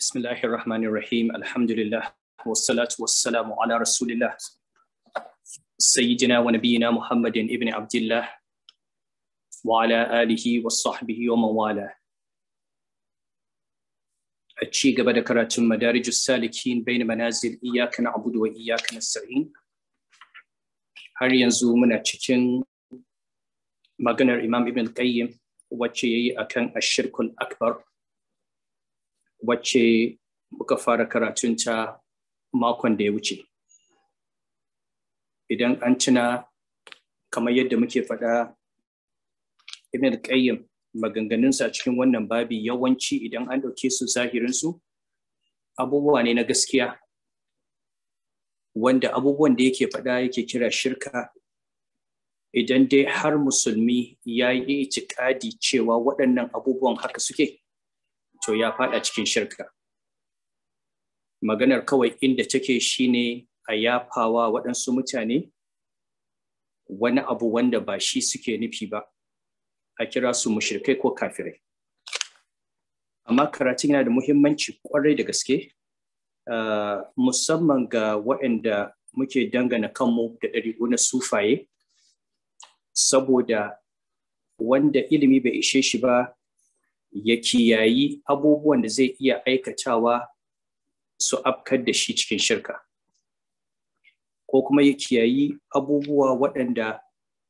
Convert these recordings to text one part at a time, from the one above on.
Bismillahir Rahmanir Rahim, Alhamdulillah, wassalatu wassalamu ala Rasulillah, Sayyidina wa Nabiyina Muhammadin ibn Abdullah, wa ala alihi wa sahbihi wa mawala. A ci gaba da karatun madarijus salikin bain manazil iyaka na'budu wa iyaka nasta'in. Har yanzu muna cikin maganar Imam Ibn Qayyim wacce yayi akan ashirkul akbar wacce muka fara karatunta makon da ya wuce. Idan an cina kamar yadda muke faɗa Ibn Qayyim maganganunsa a cikin wannan babi yawanci idan an ɗauke su zahirinsu abubuwa ne na gaskiya wanda abubuwan da yake faɗa yake kira shirka idan dai har musulmi ya yi itikadi cewa waɗannan abubuwan haka suke to ya fada cikin shirka maganar kawai inda take shine a yafawa waɗansu mutane wani abu wanda ba shi suke nufi ba a kira su mushrikai ko kafirai amma karatun yana da muhimmanci kwarai da gaske ah, musamman ga waɗanda muke dangana kanmu da ɗari'u na sufaye saboda wanda ilimi bai ishe shi ba ya kiyayi abubuwan da zai iya aikatawa su afkar da shi cikin shirka ko kuma ya kiyayi abubuwa waɗanda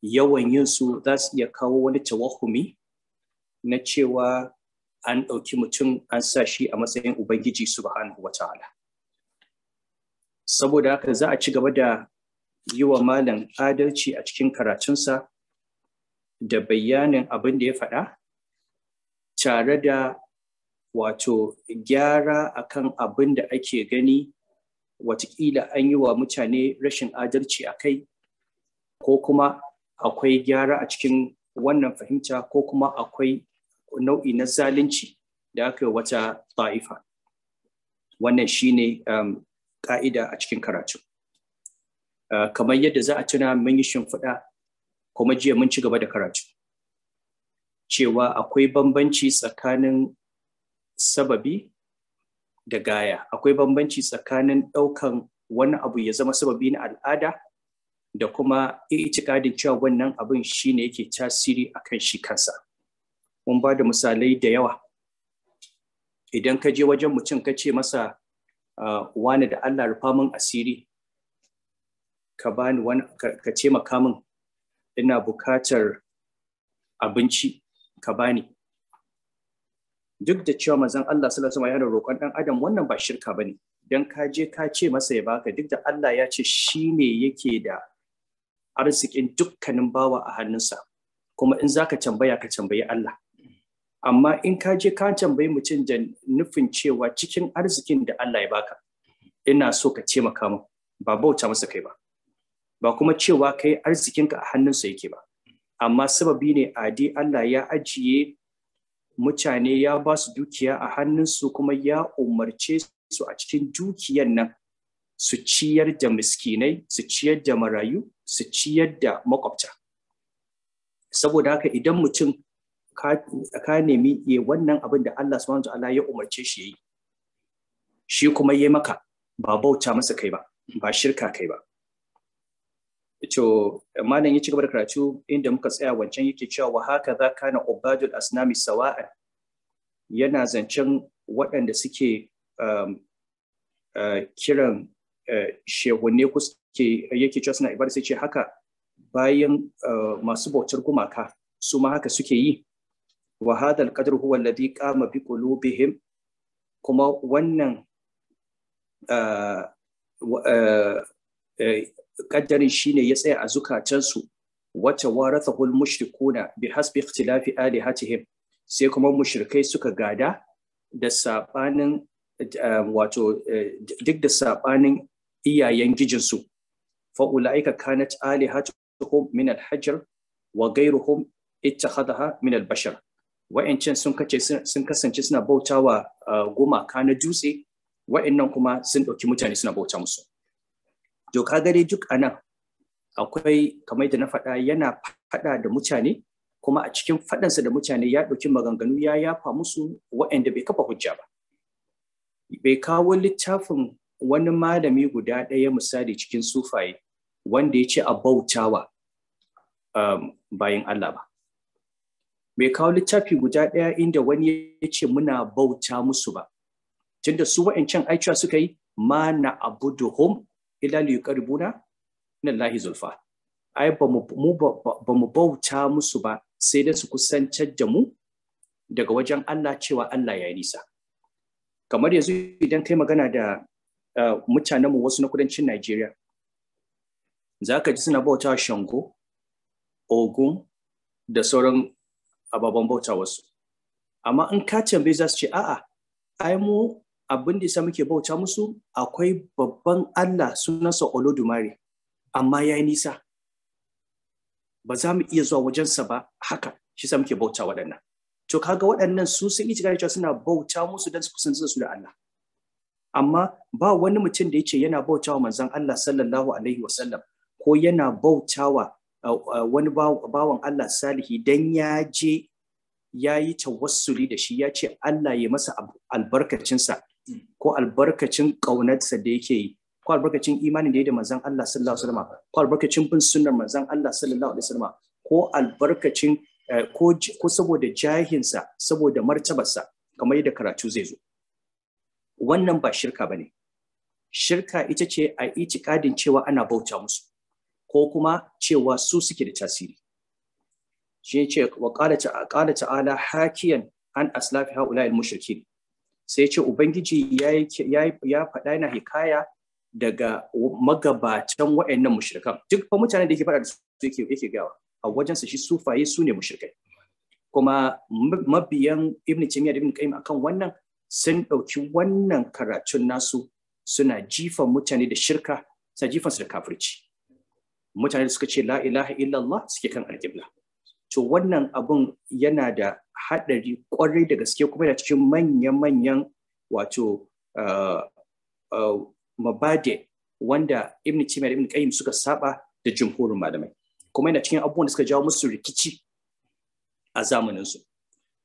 yawan yin su za su iya kawo wani tawahumi na cewa an ɗauki mutum an sa shi a matsayin ubangiji subhanahu wata'ala saboda haka za a ci gaba da yi wa malam adalci a cikin karatunsa da bayanin abin da ya faɗa tare da wato gyara akan abin da ake gani watakila an yi wa mutane rashin adalci a kai ko kuma akwai gyara a cikin wannan fahimta ko kuma akwai nau'i na zalunci da aka yi wata ta'ifa wannan shine um, ka'ida a cikin karatu uh, kamar yadda za a tuna mun yi shimfiɗa kuma jiya mun ci gaba da karatu cewa akwai bambanci tsakanin sababi da gaya akwai bambanci tsakanin ɗaukan wani abu ya zama sababi na al'ada da kuma itikadin cewa wannan abin shine yake tasiri akan shi kansa mun ba da misalai da yawa idan ka je wajen mutum ka ce masa ah, wani da Allah rufa min asiri ka bani wani ka ce makamin ina bukatar abinci ka bani duk da cewa manzon Allah sallallahu alaihi wasallam ya roƙon dan adam wannan ba shirka bane dan ka je ka ce masa ya baka duk da Allah ya ce shine yake da arzikin dukkanin bawa a hannunsa kuma in zaka tambaya ka tambayi Allah amma in ka je ka tambayi mutum da nufin cewa cikin arzikin da Allah ya baka ina so ka taimaka min ba bauta masa kai ba ba kuma cewa kai arzikinka a hannunsa yake ba amma sababi ne adi Allah ya ajiye mutane ya ba su dukiya a hannunsu kuma ya umarce su a cikin dukiyan nan su ciyar da miskinai su ciyar da marayu su ciyar da makwabta saboda haka idan mutum ka nemi ya wannan abin da Allah subhanahu ta'ala ya umarce shi yi. shi kuma yayi maka ba bauta masa kai ba ba shirka kai ba to malam ya ci gaba da karatu inda muka tsaya wancan yake cewa wa haka za kana ubadul asnami sawa'a? yana zancen waɗanda suke um, uh, kiran uh, shehunne ku suke yake cewa suna ibada sai ce haka bayan uh, masu bautar gumaka su ma haka suke yi wa hadal alqadru huwa alladhi qama bi qulubihim kuma wannan qaddarin shine ya tsaya a zukatansu wacce warathahul mushrikuna bi hasbi ikhtilafi alihatihim sai kuma mushrikai suka gada da sabanin eh, wato eh, duk da sabanin iyayen gijinsu fa ulaika kanat alihatuhum min alhajar wa ghayruhum ittakhadaha min albashar wa'ancan sun kace sun kasance suna bautawa eh, gumaka na dutse wa'annan kuma sun dauki mutane suna bauta musu to gare duk anan akwai kamar da na faɗa yana faɗa da mutane kuma a cikin faɗansa da mutane ya ɗauki maganganu ya yafa musu waɗanda bai kafa hujja ba bai kawo littafin wani malami guda ɗaya misali cikin sufaye wanda ya ce a bautawa um, bayan Allah ba bai kawo littafi guda ɗaya inda wani ya ce muna bauta musu ba tunda su wa'ancan aicewa suka yi ma na abuduhum illa li yuqribuna ila Allahi zulfa ai ba mu bauta musu ba sai da su kusancar da mu daga wajen Allah cewa Allah ya yi nisa kamar yanzu idan kai magana da eh, mutanenmu wasu na kudancin Najeriya za ka ji suna bautawa Shango Ogun da sauran ababen bauta wasu amma in ka tambaye za su ce a'a ai mu abin da sa muke bauta musu akwai babban Allah sunansa Olodumare amma ya yi nisa ba za mu iya zuwa wajensa ba haka shi sa muke bauta waɗannan to kaga waɗannan su sun yi cewa suna bauta musu don su kusanci su da Allah amma ba wani mutum da yake yana bautawa manzon Allah sallallahu alaihi wasallam ko yana bautawa uh, uh, wani bawan Allah salihi dan ya je ya yi tawassuli da shi ya ce Allah ya masa albarkacinsa ko albarkacin ƙaunarsa da yake yi ko albarkacin imanin da ya da manzan Allah sallallahu alaihi wasallam ko albarkacin bin sunnar manzan Allah sallallahu alaihi wasallam ko albarkacin eh, ko saboda jahinsa saboda martabarsa kamar yadda karatu zai zo wannan ba shirka bane shirka ita ce a itikadin cewa ana bauta musu ko kuma cewa su suke da tasiri shi ce wa qala ta'ala hakiyan an aslafi haula al mushrikin sai ce ubangiji ya faɗa yana hikaya daga magabatan waɗannan mushrikan duk fa mutanen da yake faɗa da su yake gawa a wajen su shi sufaye su ne mushrikai kuma mabiyan ibn taymiyyah da ibn qayyim akan wannan sun ɗauki wannan karatun nasu suna jifa mutane da shirka sa jifan su da kafirci mutane da suka ce la ilaha illallah suke kan alƙibla to wannan abun yana da haɗari kwarai da gaske kuma da cikin manya-manyan wato uh, uh, mabade wanda ibn cimiyar da ibn suka saba da jumhurin malamai kuma yana cikin abubuwan da suka jawo musu rikici a zamaninsu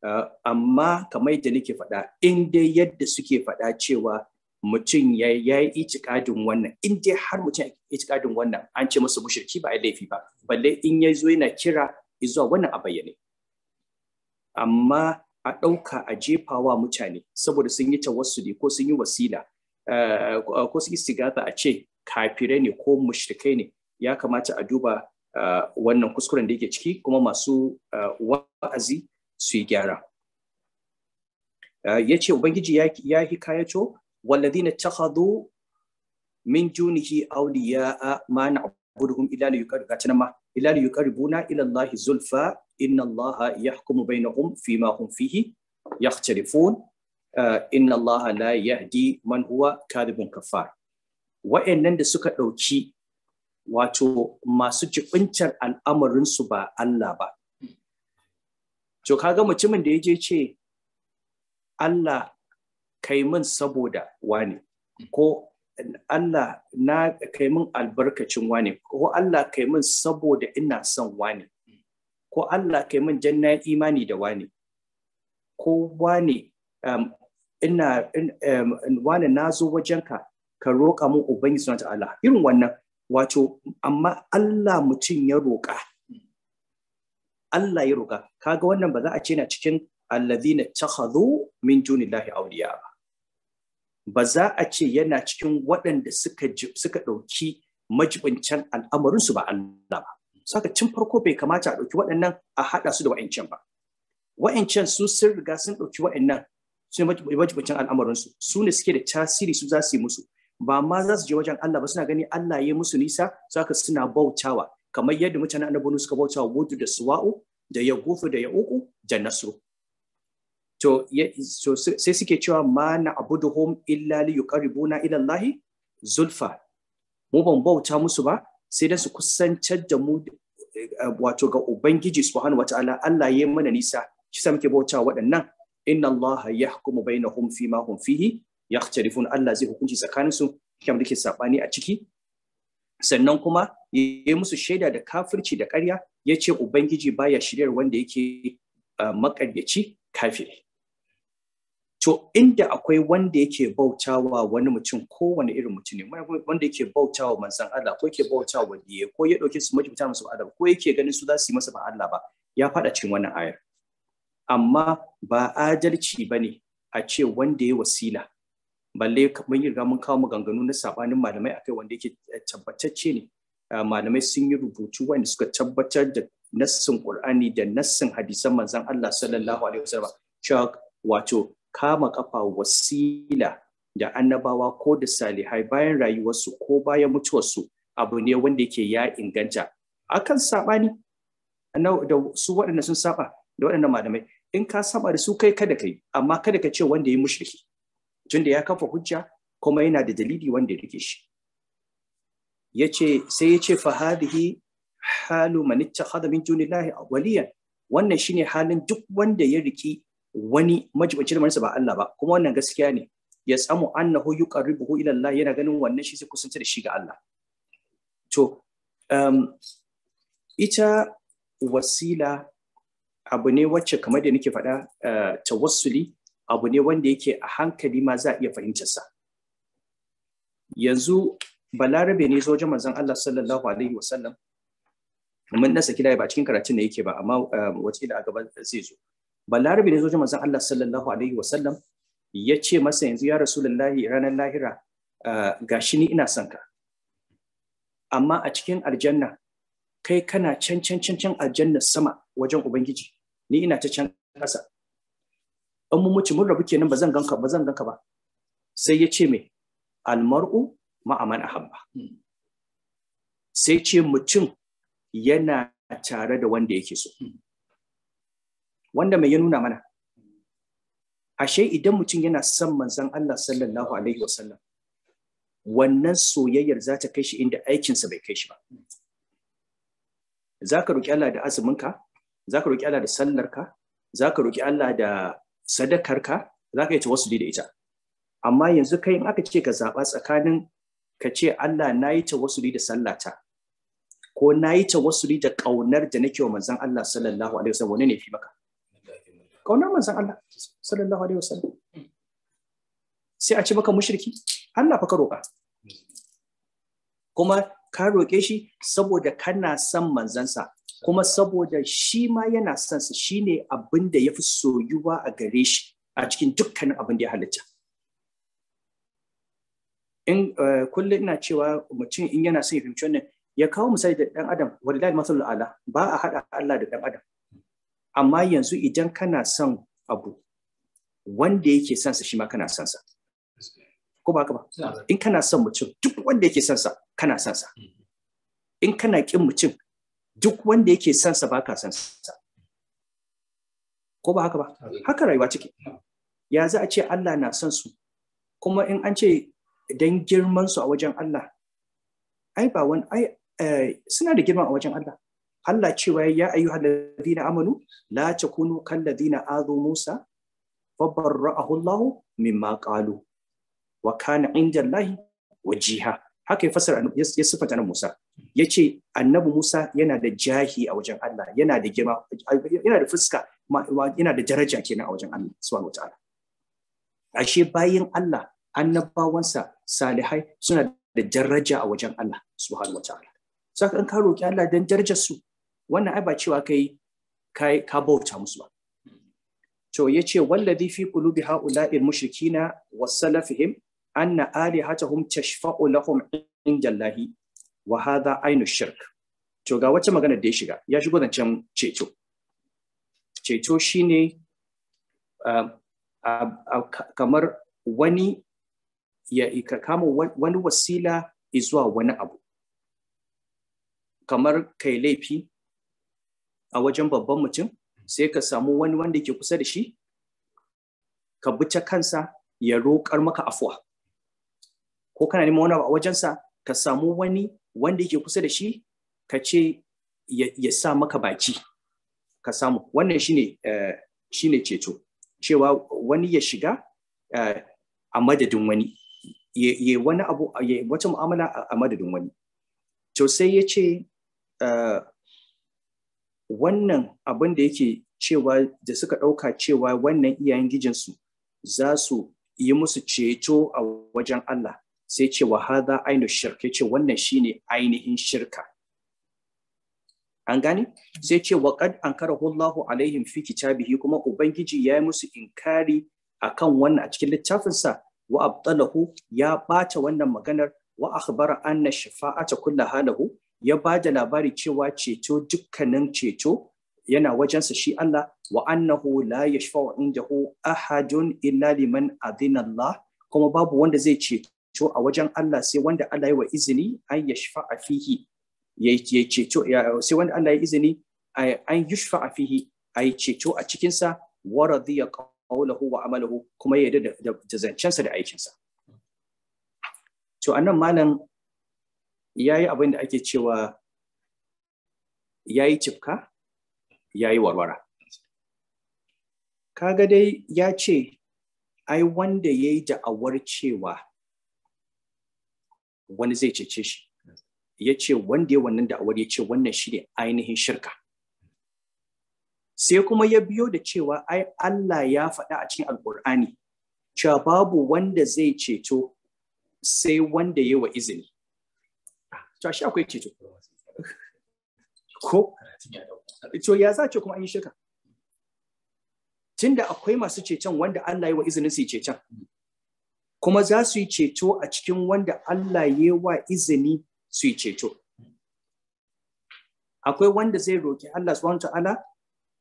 uh, amma kamar yadda nake faɗa in dai yadda suke faɗa cewa mutum ya yi itikadin wannan in dai har mutum ya itikadin wannan an ce masa mushirki ba a laifi ba balle in ya zo yana kira zuwa wannan a bayyane amma a ɗauka a jefawa mutane saboda sun yi ne ko sun yi wasila eh, ko sun yi sigata a ce kafirai ne ko mushrikai ne ya kamata a duba eh, wannan kuskuren da yake ciki kuma masu eh, wa'azi su yi gyara ya ce ubangiji ya hikayato ta hado min junihi awliya'a ma na'buduhum illa li yuqaddu ma illa li yuqarribuna ila zulfa inna Allah yahkumu bainahum fima hum fihi yakhtalifun uh, inna Allah la yahdi man huwa kadhibun kafar wa'annan da suka dauki wato masu jibincin al'amarin su ba Allah ba to kaga mutumin da yaje ce Allah kai min saboda wani ko Allah na kai min albarkacin wane ko Allah kai min saboda ina son wane ko Allah kai min janna imani da wane ko wane um, ina um, wane na zo wajenka ka roƙa min ubangi sunan ta'ala irin wannan wato amma Allah mutum ya roƙa Allah ya roƙa kaga wannan ba za a ce na cikin allazina takhadhu min dunillahi awliya ba ba za a ce yana cikin waɗanda suka suka ɗauki majibincin al'amarinsu ba Allah ba. Saka cin farko bai kamata a ɗauki waɗannan a haɗa su da wa'ancan ba. Wa'ancan su sun riga sun ɗauki wa'annan su majibincin al'amarinsu su ne suke da tasiri su za su yi musu. Ba ma za su je wajen Allah ba suna gani Allah ya yi musu nisa saka suna bautawa kamar yadda mutanen annabawa suka bautawa wudu da suwa'u da ya da ya da nasru to so sai suke cewa ma na abuduhum illa li yuqarribuna ila Allah zulfa mu ban bauta musu ba sai dan su kusantar da mu eh, wato ga ubangiji subhanahu wataala Allah ya mana nisa shi sa muke bauta waɗannan inna Allah yahkumu bainahum ma hum fihi yakhtarifun Allah zai hukunci tsakaninsu kamar dake ke sabani a ciki sannan kuma ya musu shaida da kafirci da ƙarya ya ce ubangiji baya shiryar wanda yake eh, makaryaci kafiri to inda akwai wanda yake bautawa wani mutum kowane irin mutum ne wanda yake bautawa manzan Allah ko yake bautawa waliye ko ya dauke su mutunta masu Allah, ko yake ganin su za su yi masa ba Allah ba ya faɗa cikin wannan ayar amma ba adalci ba ne a ce wanda ya wasila balle mun yi mun kawo maganganu na sabanin malamai akai wanda yake eh, tabbatacce ne ah, malamai sun yi rubutu wanda suka tabbatar da nassin Qur'ani da nassin hadisan manzan Allah sallallahu alaihi wasallam cewa wato kama kafa wasila da annabawa ko da salihai bayan rayuwarsu ko bayan mutuwarsu abu ne wanda yake ya inganta akan ne da su waɗanda sun saba da waɗannan malamai in ka saba da su kai kada kai amma kada ka ce wanda ya mushriki tunda ya kafa hujja kuma yana da dalili wanda ya rike shi yace sai yace fa hadhihi halu man ittakhadha min dunillahi waliyan wannan shine halin duk wanda ya riki wani majibinci lamarinsa ba Allah ba kuma wannan gaskiya ne ya samu annahu yuqarribuhu ila Allah yana ganin wannan shi sai kusanta da shi ga Allah to um, ita wasila abu ne wacce kamar da nake faɗa uh, tawassuli abu ne wanda yake a hankali ma za a iya fahimtarsa yanzu balarabe ne zojen manzon Allah sallallahu alaihi wasallam mun nasa kila ba cikin karatun da yake ba amma eh, wacce da a gaba zai zo balarabi ne zojin manzon Allah sallallahu alaihi wasallam ya ce masa yanzu ya rasulullahi ranar lahira gashi ni ina son ka amma a cikin aljanna kai kana can can can can aljanna sama wajen ubangiji ni ina ta can kasa an mun mutu mun rabu kenan ba zan ganka ba zan ganka ba sai ya ce me almar'u ma'aman ahabba sai ce mutum yana tare da wanda yake so wanda mai ya nuna mana ashe idan mutum yana son manzon Allah sallallahu alaihi wasallam wannan soyayyar za ta kai shi inda aikinsa bai kai shi ba za ka roƙi Allah da azuminka za ka roƙi Allah da sallarka za ka roƙi Allah da sadakarka za ka yi ta wasu da ita amma yanzu kai in aka ce ka zaɓa tsakanin ka ce Allah na yi ta wasu da sallata ko na yi ta wasu da ƙaunar da nake wa manzon Allah sallallahu alaihi wasallam wani ne fi maka Kauna manzan Allah sallallahu alaihi wasallam sai a ci maka mushriki Allah fa ka roƙa kuma ka roƙe shi saboda kana son manzansa kuma saboda shi ma yana son sa shine abin da yafi soyuwa a gare shi a cikin dukkanin abin ya halitta in eh, kullum ina cewa mutum in yana son ya fahimci wannan ya kawo misali da dan adam wallahi masallu ala ba a hada Allah da dan adam amma yanzu idan kana son abu wanda yake son sa shi ma kana son sa ko ba haka ba in kana son mutum duk wanda yake son sa kana son sa mm-hmm. in kana kin mutum duk wanda yake son sa ba ka son sa ko ba haka ba haka rayuwa cike ya za a ce Allah na son su kuma in an ce dan girman su a wajen Allah ai ba wani ai eh, suna da girma a wajen Allah Allah cewa ya ayyuhal ladina amanu la takunu kal ladina azu Musa fa barra'ahu Allah mimma qalu wa kana 'inda Allah wajiha haka ya fasara ya sifata Musa yace annabi Musa yana da jahi a wajen Allah yana da girma yana da fuska yana da daraja kenan a wajen Allah subhanahu wataala ashe bayin Allah annabawansa salihai suna da daraja a wajen Allah subhanahu wataala saka in ka roki Allah dan darajar su wannan ai ba cewa kai kai ka bauta musu ba to yace wallazi fi qulubi haula'il mushrikina wasalafihim anna alihatahum tashfa'u lahum indallahi wa hadha ainu shirk to ga wacce magana da ya shiga ya shigo can ceto ceto shine kamar wani ya kama wani wasila zuwa wani abu kamar kai laifi a wajen babban mutum sai ka samu wani wanda ke kusa da shi ka bi ta kansa ya roƙar maka afuwa ko kana neman wani a wajensa ka samu wani wanda ke kusa da shi ka ce ya sa maka baki ka samu wannan shine eh, shine ceto cewa wani ya shiga eh, a madadin wani ya wani abu ya wata mu'amala a madadin wani to sai ya ce eh, wannan abin da yake cewa da suka ɗauka cewa wannan iyayen gijinsu za su yi musu ceto a wajen Allah sai ce wa hada ainu shirka ce wannan shine ainihin shirka an gane sai ce wa qad Hullahu alaihim fi kitabihi kuma ubangiji ya yi musu inkari akan wannan a cikin littafinsa wa abtalahu ya ɓata wannan maganar wa akhbara anna shafa'ata kullaha lahu ya ba da labari cewa ceto dukkanin ceto yana wajensa shi Allah wa annahu la yashfa'u indahu ahadun illa liman adina Allah kuma babu wanda zai ceto a wajen Allah sai wanda Allah ya wa izini an yashfa'a fihi ya ceto sai wanda Allah ya izini an yashfa'a fihi ai ceto a cikin sa wa radiya qawluhu wa amaluhu kuma ya da zancensa da aikinsa to anan malam ya yi abin da ake cewa ya yi cifka ya yi warwara kaga dai ya ce ai wanda ya yi da'awar cewa wani zai cece shi ya ce wanda ya wannan da'awar ya ce wannan shi ne ainihin shirka sai kuma ya biyo da cewa ai Allah ya faɗa a cikin alkur'ani cewa babu wanda zai ceto sai wanda ya wa izini to shi akwai ceto ko to ya za kuma an yi shirka tunda akwai masu cecen wanda Allah yi wa izinin su yi cecen kuma za su yi ceto a cikin wanda Allah ya wa izini su yi ceto akwai wanda zai roki Allah subhanahu ta'ala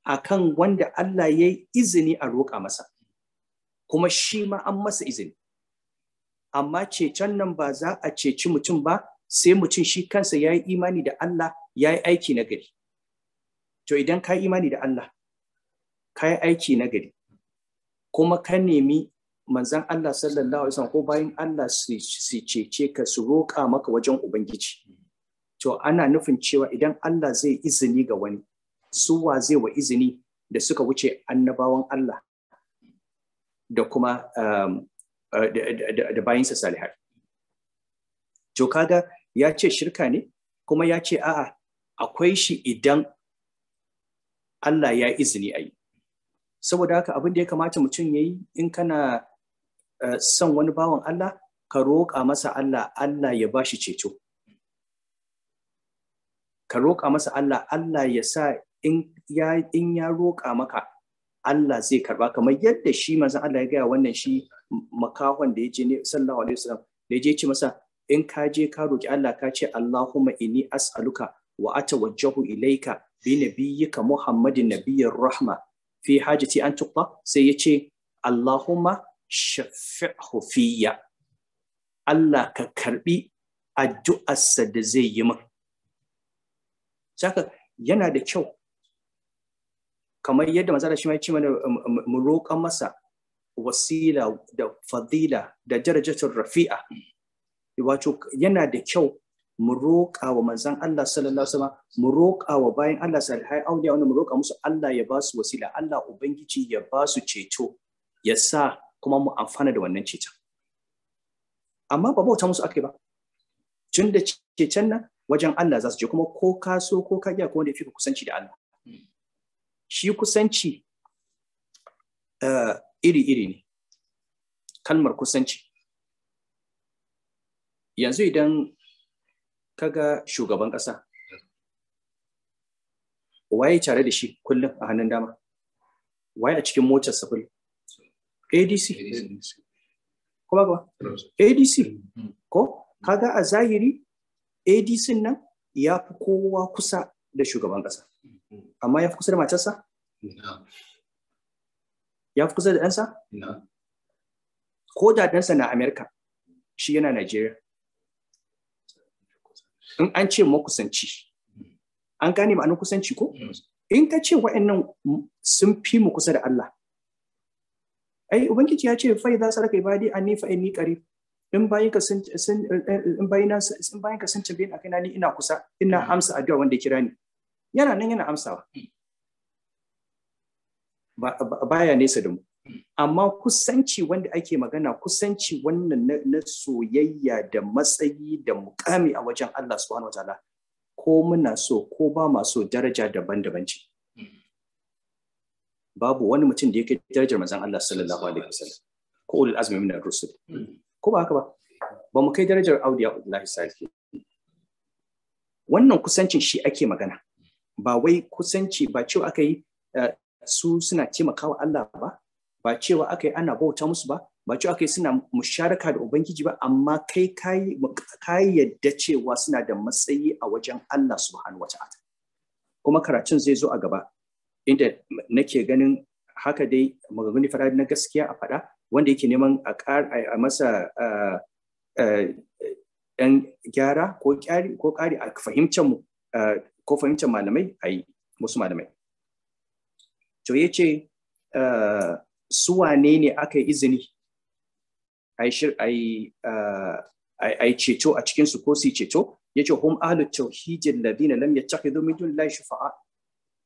akan wanda Allah ya yi izini a roka masa kuma shi ma an masa izini amma cecen nan ba za a ceci mutum ba sai mutum shi kansa ya yi imani da Allah ya yi aiki na gari. To idan ka yi imani da Allah, ka yi aiki na gari, kuma ka nemi manzan Allah sallallahu Alaihi ko bayan Allah su cece ka su roƙa maka wajen Ubangiji. To ana nufin cewa idan Allah zai izini ga wani, wa zai wa izini da suka wuce annabawan Allah da kuma um, uh, da bayinsa salihai. To kaga ya ce shirka ne kuma ya ce a'a akwai shi idan Allah ya izini a yi saboda haka abin da ya kamata mutum ya yi in kana eh, son wani bawan Allah ka roƙa masa Allah Allah ya ba shi ceto ka roƙa masa Allah Allah ya sa in ya roƙa maka Allah zai karba kamar yadda shi manzon Allah ya gaya wannan shi makahon da ya je ne sallallahu alaihi wasallam da ya je ce masa in ka je ka roki Allah ka ce Allahumma inni as'aluka wa atawajjahu ilayka bi nabiyyika Muhammadin nabiyyir rahma fi hajati an tuqta sai yace Allahumma shafi'hu fiyya Allah ka karbi addu'arsa da zai yi min saka yana da kyau kamar yadda manzala shi ya ce mana mu roƙa masa wasila da fadila da darajatul rafi'a wato yana da kyau mu roƙa wa manzan Allah sallallahu alaihi wasallam mu roƙa wa bayan Allah salihai auliya wanda mu roƙa musu Allah ya ba su wasila Allah ubangiji ya ba su ceto ya sa kuma mu amfana da wannan ceton amma ba bauta musu akai ba tun da ceton nan wajen Allah za su je kuma ko ka so ko ka iya ko wanda fi kusanci da Allah shi kusanci eh, iri-iri ne kalmar kusanci yanzu idan kaga shugaban ƙasa waye tare da shi kullum a hannun dama waye a cikin motar sa kullum adc ko ba adc ko kaga a zahiri adc nan ya fi kowa kusa da shugaban ƙasa amma ya fi kusa da matarsa ya fi kusa da ɗansa ko da ɗansa na amerika shi yana najeriya in an ce makusanci an gane ma'anar kusanci ko hmm. in ka ce wa'annan sun fi mu kusa da Allah ai ubangiji ya ce fai za saraka ibadi anni fa inni qarib in bayin ka sun in na sun bayin ka sun tambaye akai na ni ina kusa ina hmm. amsa addu'a wanda ya kira ni yana nan yana amsawa hmm. baya nesa da mu amma kusanci wanda ake magana kusanci wannan na soyayya da matsayi da mukami a wajen Allah subhanahu wataala ko muna so ko ba ma so daraja daban-daban ce babu wani mutum da yake darajar manzon Allah sallallahu alaihi wasallam ko ulul azmi min ar-rusul ko ba haka ba ba mu kai darajar auliya Allah sarki wannan kusancin shi ake magana ba wai kusanci ba cewa aka yi eh, su suna taimakawa Allah ba ba cewa aka yi ana bauta musu ba ba cewa aka yi suna musharaka da ubangiji ba amma kai ka yadda cewa suna da matsayi a wajen Allah subhanahu wa ta'ala kuma karatun zai zo a gaba inda nake ganin haka dai maganganu faradi na gaskiya a faɗa wanda yake neman a a masa ɗan gyara ko ƙari ko ƙari a fahimtar mu ko fahimtar malamai a yi musu malamai to ya ce su wane ne aka yi izini a yi ceto a cikinsu ko su ceto ya ce hum ahlut tauhidin ladina lam domin min dunillahi shufa'a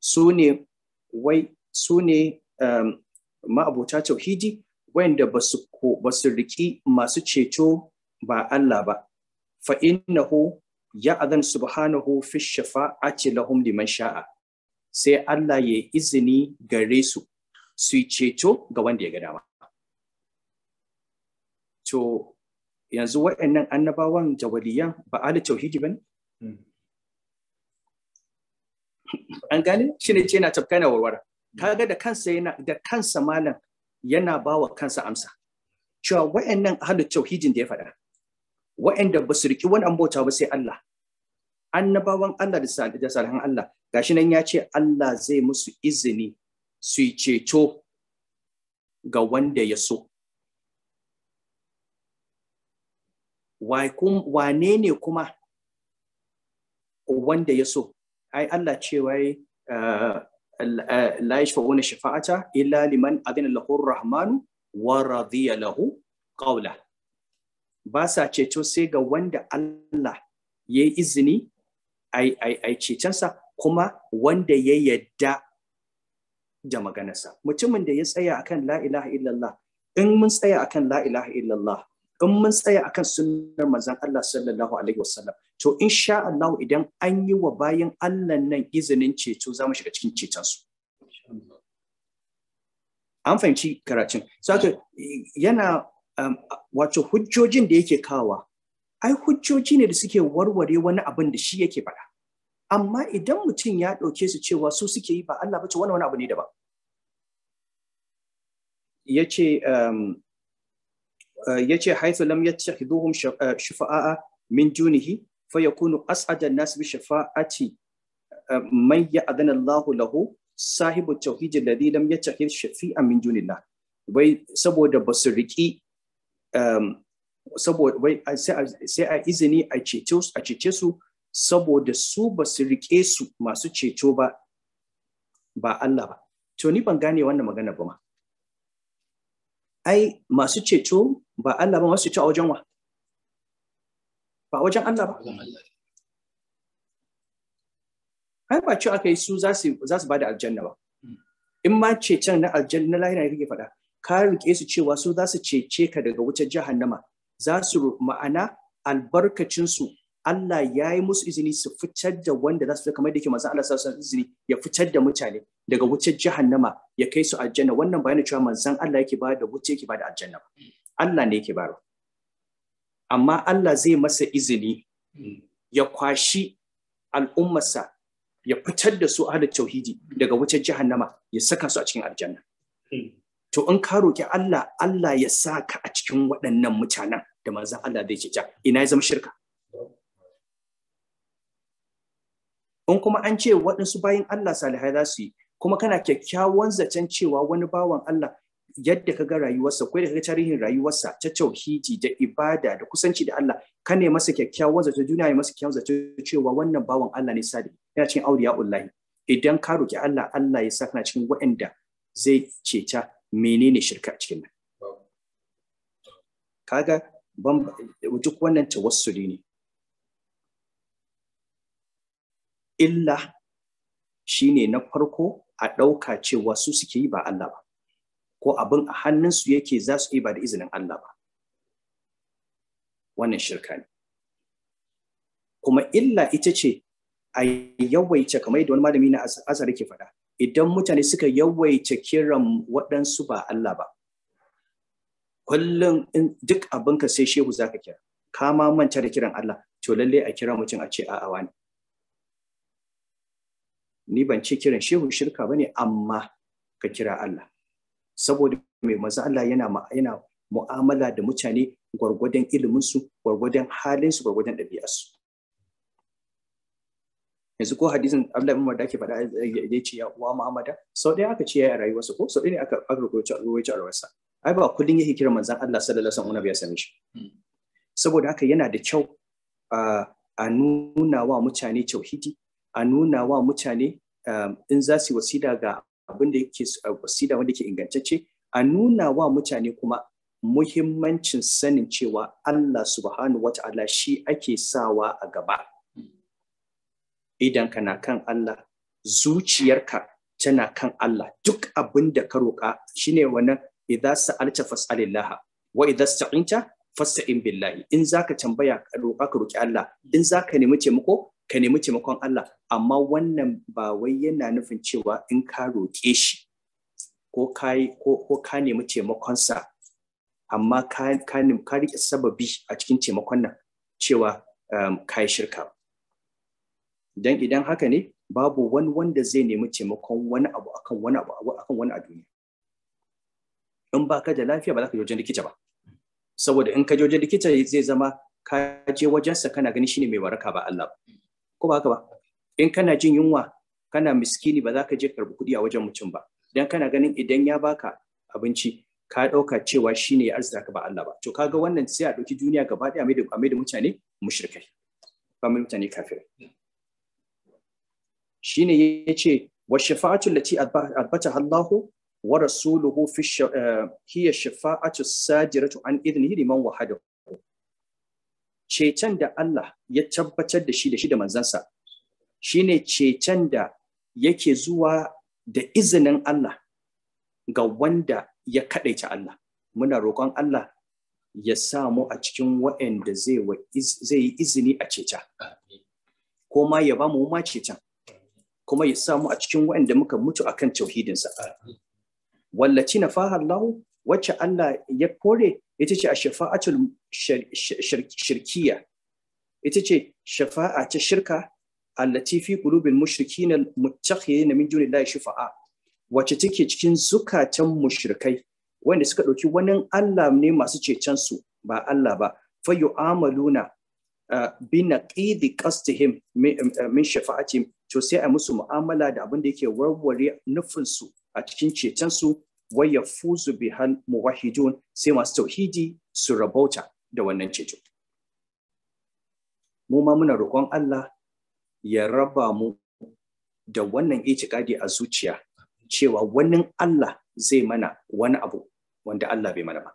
su ne wai su ne um, ma'abota tauhidi wanda ba su ba riki masu ceto ba Allah ba fa innahu ya'adhan subhanahu fi shafa'ati lahum liman sha'a sai Allah ya izini gare su su yi ceto ga wanda ya ga dama. To, yanzu waɗannan annabawan jawaliya ba ala tauhidi ba ne? Hmm. An gane shi ne ce na tafka na warware. Kaga da kansa yana da kansa malam yana ba wa kansa amsa. Cewa nan ahlu tauhidin da ya faɗa. Waɗanda ba su riƙi wani ambota ba sai Allah. Annabawan Allah da salihan Allah gashi nan ya ce Allah zai musu izini su ceto ga wanda ya so. Wane ne kuma wanda ya so? Ai Allah cewa eh, eh, la na shafa'ata illa liman adina lahu rahmanu wa radiya lahu qawla. Ba sa ceto sai ga wanda Allah ya yi izini ai cetonsa kuma wanda ya yadda da maganarsa mutumin da ya tsaya akan la ilaha illallah in mun tsaya akan la ilaha illallah in mun tsaya akan sunar manzon Allah sallallahu alaihi wasallam to insha Allah idan an yi wa bayan Allah nan izinin ceto za mu shiga cikin ceton su an fahimci karatun saka yana um, wato hujjojin da yake kawa ai hujjoji ne da suke warware wani abin da shi yake faɗa amma idan mutum ya ɗauke su cewa su suke yi ba Allah ba ce wani wani abu ne ba. yace um, uh, yace haythu lam yattakhiduhum uh, shufa'a min dunihi fayakunu as'ada an-nas bi shafa'ati uh, man ya'dana Allah lahu sahibu tauhid alladhi lam yattakhid shafi'an min dunillah wai saboda basu riki um, saboda sai a izini a cece su saboda su ba su riƙe su masu ceto ba ba Allah ba to ni ban gane wannan magana ba ma ai masu ceto ba Allah ba masu ceto a wajen wa ba wajen Allah ba ai ba ci aka yi su za su ba da aljanna ba hmm. in ma cecen na aljanna na lahira kake faɗa ka rike su cewa su za su cece ka daga wutar jahannama za su ma'ana albarkacinsu Allah ya yi musu izini su fitar da wanda za su kamar da yake manzan Allah su alaihi izini ya fitar da mutane daga wucin jahannama ya kai su aljanna wannan bayanin cewa manzan Allah yake bayar da wuce yake bayar da aljanna Allah ne yake bayarwa amma Allah zai masa izini ya kwashi al'ummarsa ya fitar da su ahlul tauhidi daga wucin jahannama ya saka su a cikin aljanna to in ka roki Allah Allah ya saka a cikin waɗannan mutanen da manzan Allah zai ce ina ya zama shirka in kuma an ce waɗansu bayan Allah salihai za su yi kuma kana kyakkyawan zaton cewa wani bawan Allah yadda ka ga rayuwarsa ko da ga tarihin rayuwarsa ta tauhidi da ibada da kusanci da Allah ka ne masa kyakkyawan zato duniya ne masa kyakkyawan zato cewa wannan bawan Allah ne sadi yana cikin ullahi idan ka roki Allah Allah ya saka cikin waɗanda zai ceta menene shirka a cikin nan kaga duk wannan tawassuli ne illa shine na farko a ɗauka cewa su suke yi ba Allah ba ko abin a hannunsu yake za su yi ba da izinin Allah ba wannan shirka ne kuma illa ita ce a yawaice kamar yadda wani malami na azari ke faɗa idan mutane suka yawaice kiran waɗansu ba Allah ba kullum duk abinka sai shehu zaka kira ka ma manta da kiran Allah to lallai a kira mutum a ce a'a wani ni ban ce kiran shehu shirka bane amma ka kira Allah saboda mai maza Allah yana yana mu'amala da mutane gwargwadon iliminsu gwargwadon halinsu gwargwadon ɗabi'arsu yanzu ko hadisin Allah bin Umar da faɗa ya ce ya uwa Muhammada sau ɗaya aka ce ya a rayuwarsa ko sau ɗaya ne aka aka rubuta rubuta rayuwarsa ai ba kullun yake kira manzon Allah sallallahu alaihi wasallam ya same shi hmm. saboda haka yana da kyau a nuna wa mutane tauhidi a nuna wa mutane um, in za su wasida ga abin da yake uh, wasida wanda ke ingantacce a nuna wa mutane kuma muhimmancin sanin cewa Allah subhanahu wa ta'ala shi ake sawa a gaba idan kana kan Allah zuciyarka tana kan Allah duk abin da ka roƙa shine wannan idza sa'alta fas'alillah wa idza sta'inta fasta'in billahi in zaka tambaya ka roƙa ka roƙi Allah in zaka nemi taimako ka nemi taimakon Allah amma wannan ba wai yana nufin cewa in ka roƙe shi ko ka ko ka nemi taimakonsa amma ka ka ka rike sababi a cikin taimakon nan cewa um, ka yi shirka dan idan haka ne babu wani wanda zai nemi taimakon wani abu akan wani abu akan wani a duniya in ba ka da lafiya ba za ka je wajen likita ba saboda in ka je wajen likita zai zama ka je wajensa kana gani shine mai waraka ba Allah ba ko ba haka ba in kana jin yunwa kana miskini ba za ka je karbi kuɗi a wajen mutum ba idan kana ganin idan ya baka abinci ka ɗauka cewa shine ya arzika ka ba Allah ba to kaga wannan sai a ɗauki duniya gaba ɗaya a mai da mutane mushrikai ba mai mutane kafirai shine yace wa shafa'atu lati albata Allahu wa rasuluhu fi eh, hiya shafa'atu sajiratu an idnihi liman wahadahu cecen da Allah ya tabbatar da shi da shi da manzansa ne cecen da yake zuwa da izinin Allah ga wanda ya kaɗaita Allah muna roƙon Allah ya samu a cikin waɗanda zai yi izini a ceta ko ma ya ba mu ma ceton kuma ya samu a cikin waɗanda muka mutu a akan tauhidinsa wallaci na fahar lahu wacce Allah ya kore ita ce a shafa'atul shirkiya ita ce shafa'a ta shirka allati fi qulubil mushrikin na min la shufa'a wacce take cikin zukatan mushrikai wanda suka ɗauki wani Allah ne masu cecen ba Allah ba fa yu'amaluna bi naqidi qastihim min shafa'atihim to sai a musu mu'amala da abin da yake warware nufinsu a cikin cetansu. wa fuzu bihan muwahidun sai masu tauhidi su rabauta da wannan ceto mu ma muna roƙon Allah ya raba mu da wannan itikadi a zuciya cewa wannan Allah zai mana wani abu wanda Allah bai mana ba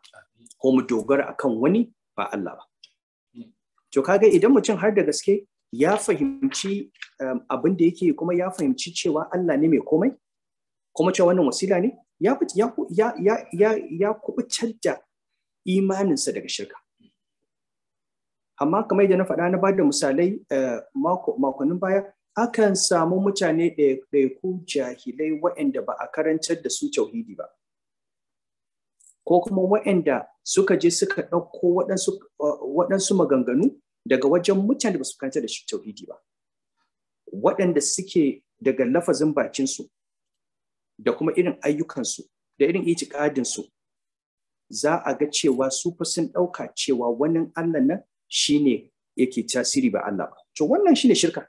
ko mu dogara akan wani ba Allah ba to kaga idan mutum har da gaske ya fahimci eh, abin da yake kuma ya fahimci cewa Allah ne mai komai kuma cewa wannan wasila ne ya ya ya ya kubutar da imaninsa daga shirka amma kamar yadda na faɗa na ba da misalai eh, makonnin baya akan samu mutane ɗaiɗaiku jahilai waɗanda ba a karantar da su tauhidi ba ko kuma waɗanda suka je suka ɗauko waɗansu maganganu daga wajen mutane ba su karantar da shi tauhidi ba waɗanda suke daga lafazin bakinsu da kuma irin ayyukansu da irin itikadinsu za a ga cewa su fa sun ɗauka cewa wani Allah nan shine yake tasiri ba Allah ba. To wannan shine shirka.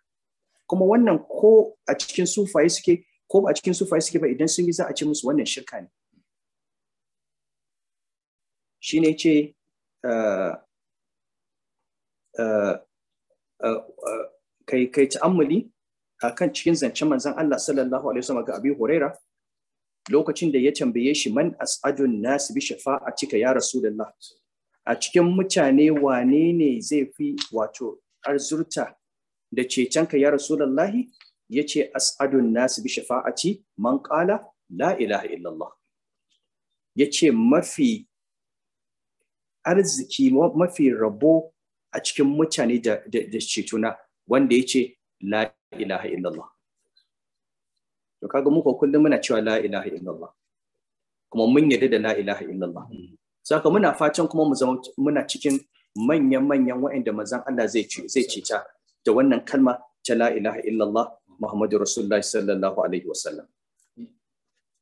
Kuma wannan ko a cikin sufaye suke ko ba a cikin sufaye suke ba idan sun yi za a ce musu wannan shirka ne. Shi ne ce eh, eh, eh, kai kai ta'ammuli a kan cikin zancen manzan Allah sallallahu alaihi wasallam ga Abi Huraira lokacin da ya tambaye shi man as'adun nasu bi shafa'atika ya rasulullah a cikin mutane wane ne zai fi wato arzurta da cetonka ya rasulallahi ya ce as'adun nasu bi shafa'ati man qala la ilaha illallah ya ce mafi arziki mafi rabo a cikin mutane da, da cetona wanda ya ce la ilaha illallah to kaga mu ko kullum muna cewa la ilaha illallah kuma mun yarda da la ilaha illallah mm. saka muna fatan kuma mu zama muna cikin manyan manyan wa'anda manzon Allah zai ce zai ta da wannan kalma ta la ilaha illallah Muhammadu Rasulullah sallallahu alaihi wasallam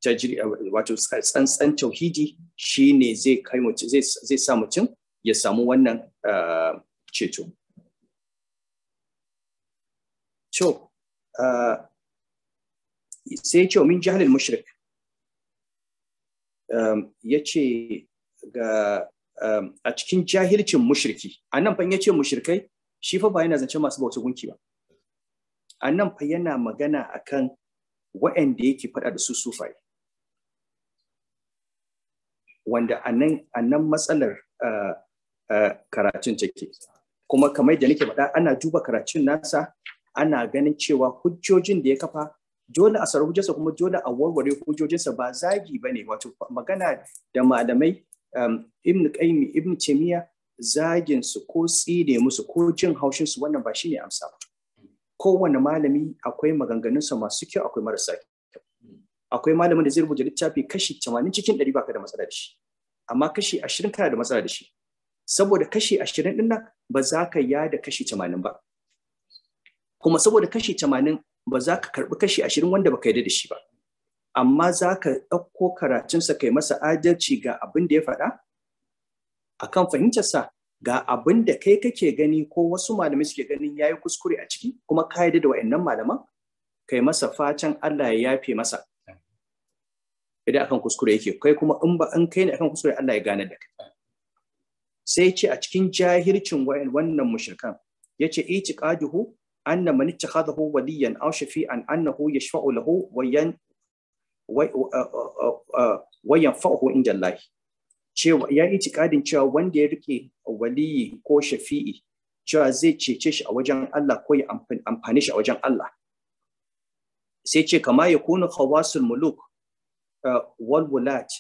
tajri wato tsantsan tauhidi shine zai kai mu zai zai sa mutum ya samu wannan ah, ceto. To, ah, sai ce min jahilin mushrik um, ya ce ga um, a cikin jahilcin mushriki a fa ya ce mushrikai shi fa ba yana zance masu bauta gunki ba a fa yana magana akan wa'anda yake faɗa da su sufaye wanda a nan matsalar karatun take kuma kamar da nake faɗa ana duba karatun nasa ana ganin cewa hujjojin da ya kafa dole a sarar hujjarsa kuma dole a warware hujjojinsa ba zagi ba ne wato magana da malamai um, ibn qayyim ibn taymiya zagin su ko tsine musu ko jin haushin su wannan ba shine amsa ba kowane malami akwai maganganunsa masu kyau akwai marasa kyau akwai malamin da zai rubuta littafi kashi 80 cikin 100 baka da matsala da shi amma kashi 20 kana da matsala da shi saboda kashi 20 din nan ba za ka yada kashi 80 ba kuma saboda kashi 80 ba za ka karɓi kashi ashirin wanda ba baka yi da shi ba amma za ka ɗauko karatunsa kai masa adalci ga abin da ya faɗa A kan fahimtarsa ga abin da kai kake gani ko wasu malamai suke ganin yi kuskure a ciki kuma ka yarda da wa'annan malaman kai masa fatan Allah ya yafe masa idan akan kuskure yake kai kuma in ba an kai ne akan kuskure Allah ya gane da kai sai ce a cikin jahircin wannan mushrikan yace itiqaduhu أن من اتخذه وليا أو شفيعا أنه يشفع له وين وينفعه عند الله cewa ya itikadin cewa wanda ya rike waliyi ko shafi'i cewa zai cece shi a wajen Allah ko ya amfani shi a wajen Allah sai ce kama ya kuna khawasul muluk wal wulat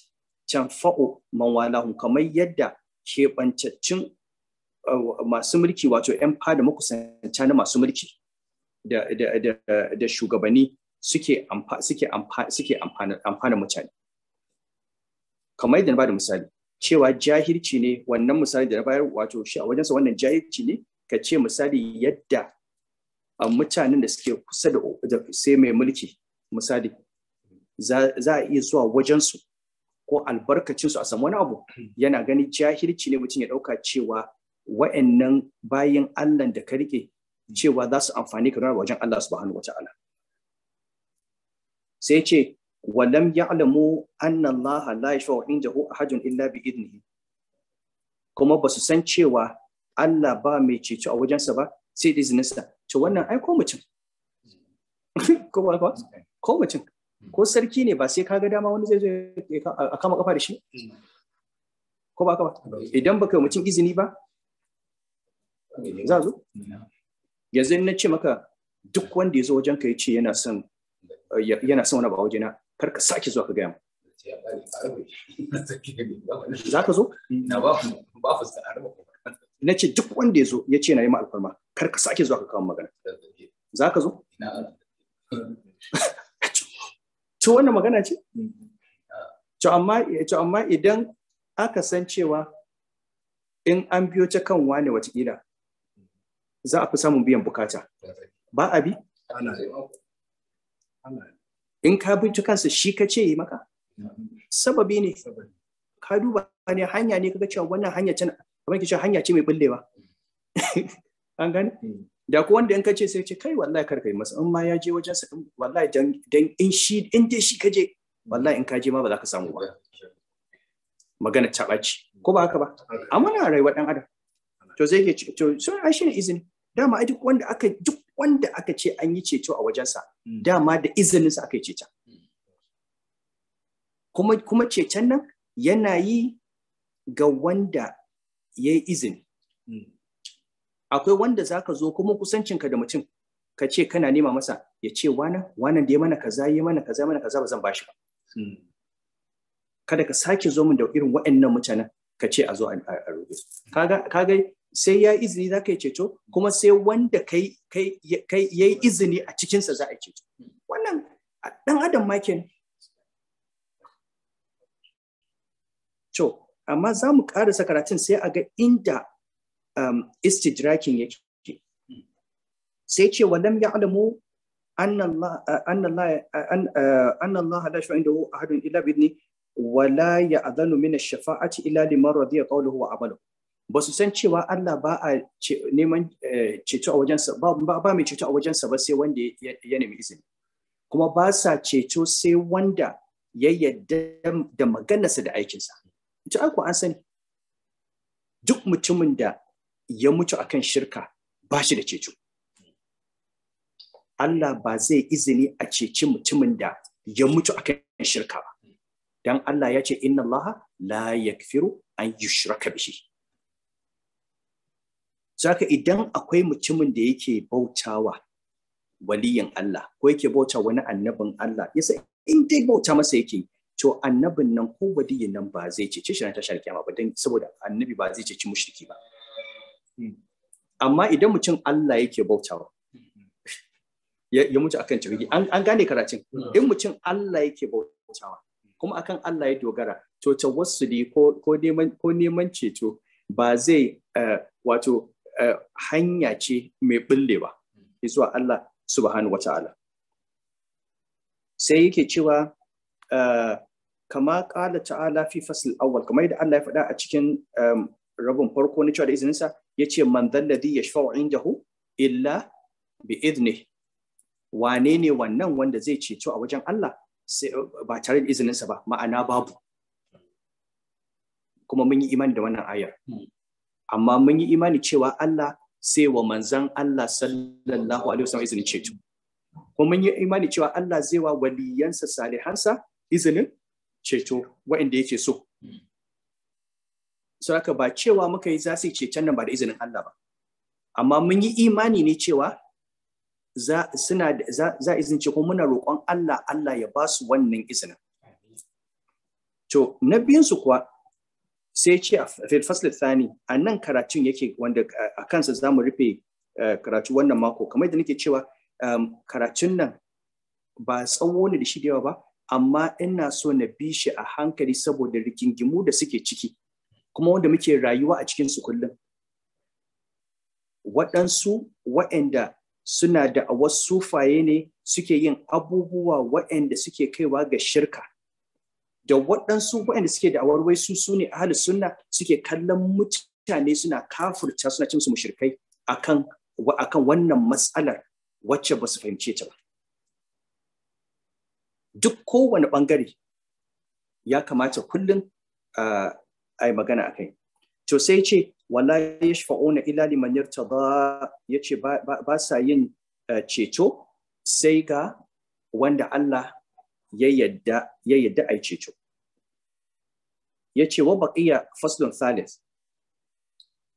tanfa'u man walahum kamar yadda keɓancaccin Uh, masu mulki wato 'yan fada makusanta na masu mulki da shugabanni suke amfana mutane. Kamar yadda na ba da misali, cewa jahirci ne wannan misali da na bayar wato shi a wajensa wannan jahilci ne ka ce misali yadda uh, mutanen da suke kusa da sai mai mulki misali za a iya zuwa wajensu ko albarkacinsu a samu wani abu yana gani jahirci ne mutum ya ɗauka cewa wa'annan bayan Allah da ka rike cewa za su amfani ka nuna wajen Allah subhanahu wata'ala sai ce walam ya'lamu anna Allah la yashfa'u indahu ahadun illa bi idnihi kuma ba su san cewa Allah ba mai ceto a wajensa ba sai da izinin sa. to wannan ai ko mutum ko mutum ko sarki ne ba sai kaga dama wani zai zo a kama kafa da shi mm. ko ba ka ba idan baka mutum izini ba za zo yanzu na ce maka duk wanda ya zo wajen ka ce yana son yana son wani ba wajena kar ka sake zuwa ka gaya mu za ka zo na ce duk wanda ya zo ya ce na yi ma alfarma kar ka sake zuwa ka kawo magana za ka zo to wannan magana ce to amma idan aka san cewa in an biyo ta kan wane watakila za a fi samun biyan bukata ba a bi in ka bincikansa shi ka ce yi maka sababi ne ka duba ne hanya ne kaga cewa wannan hanya tana kamar ki hanya ce mai bullewa an gane hmm. da ko wanda in ka ce sai ce kai wallahi kar kai masa in ma ya je wajen sa wallahi dan in shi in dai shi ka je wallahi in ka je ma ba za ka samu ba magana ta ɓaci ko ba haka ba amma na rayuwa dan adam to zai ke to sun ai shi ne izini dama duk wanda aka duk wanda aka ce an yi ceto a wajensa hmm. dama da izininsa aka yi ceca. Hmm. kuma kuma cecen nan yana yi ga wanda ya yi izini hmm. akwai wanda zaka zo kuma kusancinka da mutum ka ce kana nema masa ya ce wana wanan da ya mana kaza ya mana kaza mana kaza ba zan bashi ba kada ka sake zo min da irin waɗannan mutanen ka ce a zo a roƙe kaga sai ya izini za ka yi ceto kuma sai wanda kai kai ya yi izini a cikinsa za a yi ceto wannan ɗan adam ma to amma za mu karasa karatun sai a ga inda um, istidrakin yake sai ce walam ya alamu anna Allah shi shu'in da ahadun illa bidni wala ya adhanu min ash-shafa'ati illa liman radiya qawluhu wa amaluhu ba su san cewa Allah ba a neman eh, ceto a wajensa ba mai ceto a wajensa ba sai wanda ya nemi izini kuma ba sa ceto sai wanda ya yadda da maganarsa da aikinsa ita aiko an sani duk mutumin da ya mutu akan shirka ba shi da ceto Allah ba zai izini a ceci mutumin da ya mutu akan shirka ba dan Allah ya ce inna Allah la yakfiru an yushraka bihi Saka idan akwai mutumin da yake bautawa waliyin Allah ko yake bauta wani annabin Allah yasa in dai bauta masa yake to annabin nan ko waliyin nan ba zai ce, shi na tashar kiyama ba dan saboda annabi ba zai ci mushriki ba hmm. amma idan mutum Allah yake bautawa hmm. ya mutu akan tauhidi an gane karatun hmm. in mutum Allah yake bautawa kuma akan Allah ya dogara to tawassuli ko neman ko neman ceto ba zai eh, wato Eh, hanya ce mai bullewa zuwa Allah subhanahu wata'ala sai yake cewa eh, kama ƙala ta'ala fi fasl awwal kamar yadda Allah ya faɗa a cikin eh, rabin farko na cewa da izininsa ya ce man dalladhi yashfa'u indahu illa bi idnih wane ne wannan wanda zai ceto a wajen Allah ba tare da izininsa ba ma'ana babu kuma mun yi imani da wannan ayar hmm. amma mun yi imani cewa Allah sai wa manzan Allah sallallahu alaihi wasallam izinin ceto kuma mun yi imani cewa Allah zai wa waliyansa salihansa izinin ceto wa'inda yake so sai haka ba cewa muka yi za su yi nan ba da izinin Allah ba amma mun yi imani ne cewa za suna za, za izin kuma muna roƙon Allah Allah ya ba su wannan izinin to na biyun su kuwa sai ce a fasli thani a nan karatun yake wanda a kansa za mu rufe eh, karatu wannan mako kamar da nake cewa um, karatun nan ba tsawo ne da shi da yawa ba amma ina so na bi shi a hankali saboda rigingimu da suke ciki kuma wanda muke rayuwa a cikin su kullum waɗansu waɗanda suna da a wasu sufaye ne suke yin abubuwa waɗanda suke kaiwa ga shirka da waɗansu waɗanda suke da awarwai su su ne ahalus sunna suke kallon mutane suna kafurta suna cin su mushrikai akan akan wannan matsalar wacce ba su fahimce ta ba duk kowane ɓangare ya kamata kullum a yi magana akai to sai ce wala yashfa'una illa liman yartada yace ba sa yin eh, ceto sai ga wanda Allah ya yadda ya yadda ai ceto yace wa baqiya faslun thalith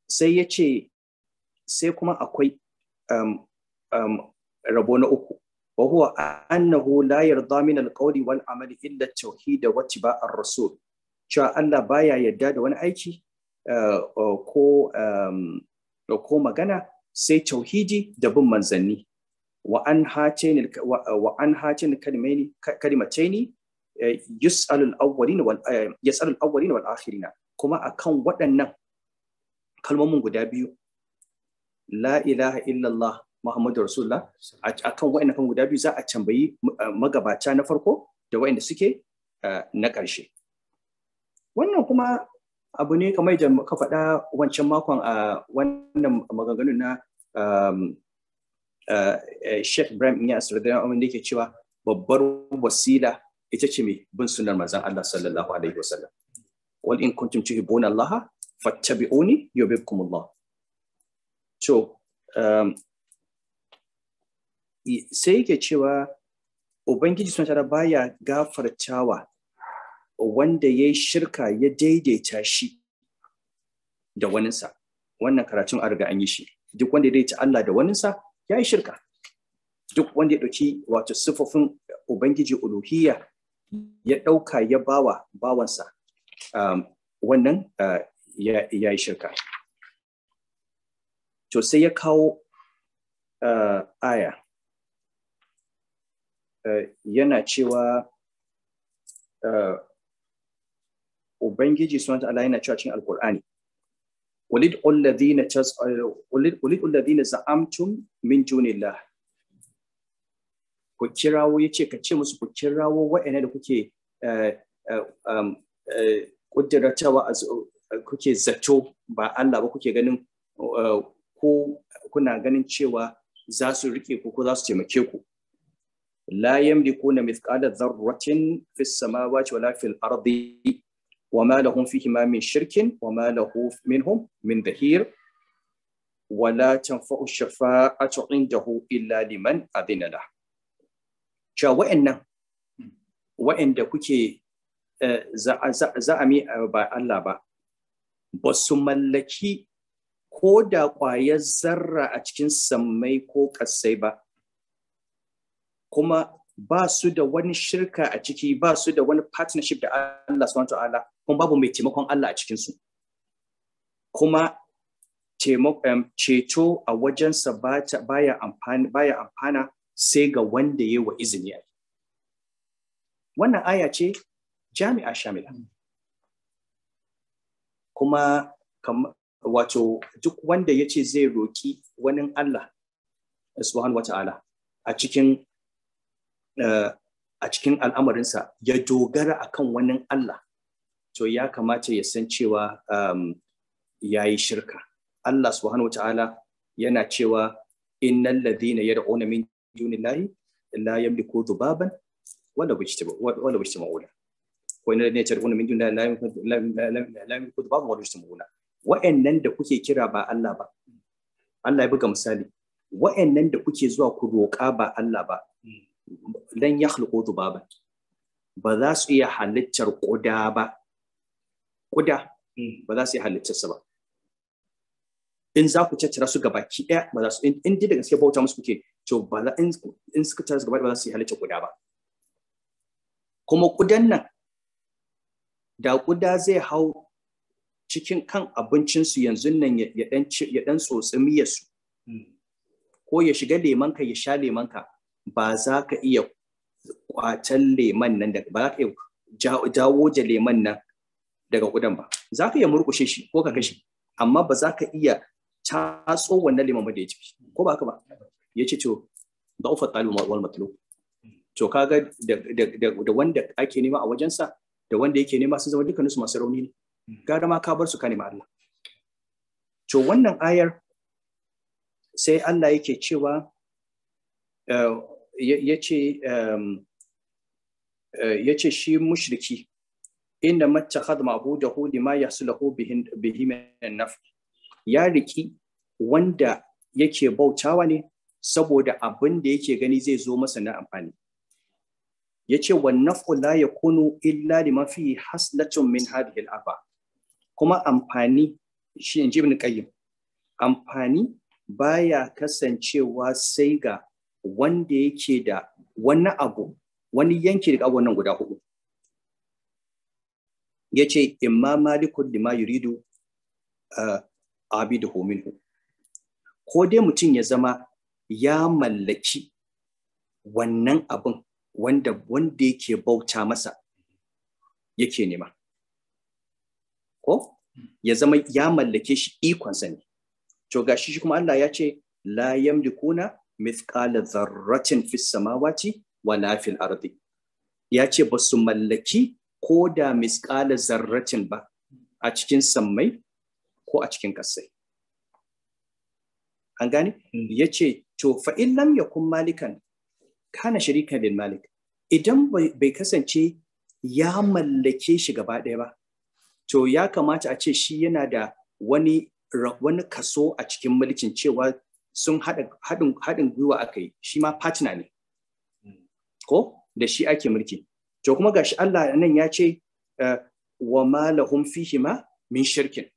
sai yace sai kuma akwai um, um, rabo na uku wa huwa annahu la yarda min alqawli wal amali illa tauhid wa tiba'ar rasu. cewa Allah baya yadda da wani aiki uh, uh, um, ko magana sai tauhidi da bin manzanni wa an hacin wa an hacin kalimaini kalimataini eh, yus'alul awwalina wal eh, yas'alul awwalina wal kuma akan waɗannan kalmomin guda biyu la ilaha illallah Muhammadu Rasulullah a kan wa'annan kan guda biyu za a tambayi eh, magabata na farko da wa'anda suke na ƙarshe. Wannan kuma abu ne kamar da ka faɗa wancan makon a wannan maganganun na Eh, eh, Sheikh Ibrahim Niyas radiyallahu anhu yake cewa babbar wasila ita ce mai bin sunnar manzon Allah sallallahu alaihi wasallam wal in kuntum tuhibbuna Allah fattabi'uni yuhibbukum Allah to um, sai yake cewa Ubangiji sun tara baya gafartawa wanda ya yi shirka ya daidaita shi da waninsa. Wannan karatun a riga an yi shi. Duk wanda ya daidaita Allah da waninsa, ya yi shirka duk wanda ya ɗauki wato siffofin ubangiji Uluhiya ya ɗauka ya bawa bawansa um, wannan uh, ya yi shirka to sai ya kawo uh, aya uh, yana cewa ubangiji sunanta Allah yana cewa cikin alkur'ani ولدعوا الذين تز... ولدعوا الذين زعمتم من دون الله ku kirawo yace ka ce musu ku kirawo wa'ina da kuke kuddiratawa eh, eh, um, eh, kuke zato ba Allah ba kuke ganin ko kuna ganin cewa za su rike ku ko za su taimake ku la na mithqala dharratin fis samawati wala fil ardi وما لهم فيهما من شرك وما له منهم من ظهير ولا تنفع الشفاعة عنده إلا لمن أذن له cewa wa'annan wa'anda kuke eh, za'ami eh, ba Allah ba ba su mallaki ko da ƙwayar zarra a cikin sammai ko ƙasai ba kuma ba su da wani shirka a ciki ba su da wani partnership da Allah subhanahu ta'ala kuma babu mai taimakon Allah a cikinsu. Kuma ceto a wajensa baya amfana sai ga wanda ya wa izini a Wannan aya ce jami'a shamila. Kuma wato duk wanda ya ce zai roƙi wani Allah subhanahu wata'ala a cikin eh, a cikin al'amarinsa ya dogara akan wani Allah to ya kamata ya san cewa um, ya yi shirka Allah subhanahu Ta'ala yana cewa innal ladhina yad'una min dunillahi la yamliku dhubaban wala bijtiba wala bijtima'una wa innal ladhina yad'una min dunillahi la yamliku dhubaban wala bijtima'una wa'annan da kuke kira ba Allah ba Allah ya buga misali wa'annan da kuke zuwa ku roƙa ba Allah ba dan hmm. yakhluqu dhubaban ba za su iya halittar ƙuda ba ƙuda hmm, ba za su yi halittarsa ba in za ku tattara su gabaki ɗaya ba za su in dai da gaske bauta musu kuke to ba za in suka tattara su gaba ba za su yi halittar kuda ba kuma kudan nan da kuda zai hau cikin kan abincinsu yanzu nan ya ɗan tsotsi su, hmm. ko ya shiga lemanka ya sha lemanka ba za ka iya kwatan leman nan da ba za ka iya jawo da leman nan daga kudan ba za ka iya murkushe shi ko ka kashe amma ba za ka iya taso wannan liman ba da ya ci ko ba ka ba ya ce to ba ufa ma wal matlu to ka ga da wanda ake nema a wajensa da wanda yake nema sun zama dukkanin su masu rauni ne gara ma ka bar su ka nema Allah to wannan ayar sai Allah yake cewa eh, eh, eh, ya ce shi mushriki inda macca khadma abu da hudi ma ya sulahu bihi naf ya riki wanda yake bautawa ne saboda abin da yake gani zai zo masa na amfani yace wan naf'u la yakunu illa liman fi haslatun min hadhihi al kuma amfani shi inji ibn qayyim amfani baya kasancewa sai ga wanda yake da wani abu wani yanki daga wannan guda hudu yace imma malikun lima yuridu abidu hominu ko dai mutum ya zama ya mallaki wannan abin wanda wanda yake bauta masa yake nema ko ya zama ya mallake shi ikonsa ne to gashi shi kuma Allah ya ce la yamlikuna mithqala dharratin fis samawati wala fil ardi ya ce ba su mallaki ko da misƙala zarracin ba a cikin sammai ko a cikin kasai. An gane? Hmm. Ya ce, to fa'in lam ya kun malikan, kana shirika bin malik. Idan bai kasance ya mallake shi gaba ɗaya ba, to ya kamata a ce shi yana da wani kaso a cikin mulkin cewa sun haɗin gwiwa aka yi, shi ma partner ne. Hmm. Ko? Da shi ake mulki. to kuma gashi Allah nan ya ce eh, wa malahum fihi ma min shirkin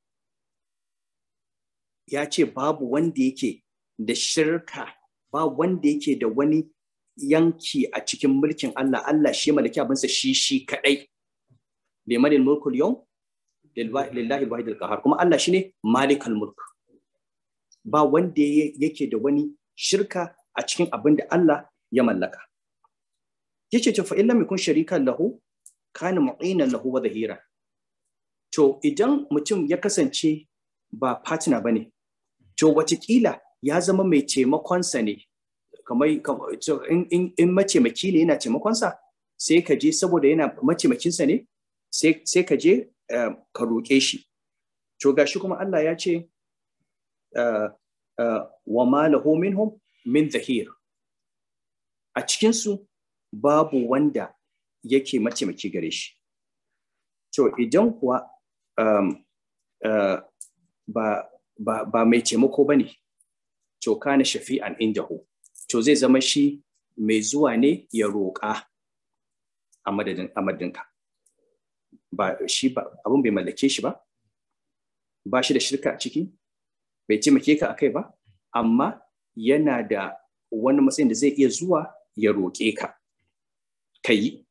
ya ce babu wanda yake da shirka ba wanda yake da wani yanki a cikin mulkin Allah Allah shi malaki abinsa shi shi kadai limanil mulkul yawm lillahi wahidul qahar kuma Allah shine malikal mulk ba wanda yake da wani shirka a cikin abin da Allah ya mallaka yace to fa in mai kun sharikan lahu kana mu'inan lahu wa zahira to idan mutum ya kasance ba partner bane to watakila ya zama mai taimakonsa ne kamar in mataimaki ne yana taimakonsa sai ka je saboda yana mataimakinsa ne sai ka je eh, ka roƙe shi to gashi kuma Allah ya ce eh, eh, wa ma lahu minhum min zahir a cikinsu babu wanda yake mataimaki gare shi to idan kuwa um, uh, ba, ba, ba mai taimako ba ne to kana shafi'an indahu to zai zama shi mai zuwa ne ya roƙa a madadinka ba shi ba abin bai mallake shi ba ba shi da shirka a ciki bai taimake ka a kai ba amma yana da wani matsayin da zai iya zuwa ya roƙe ka ka yi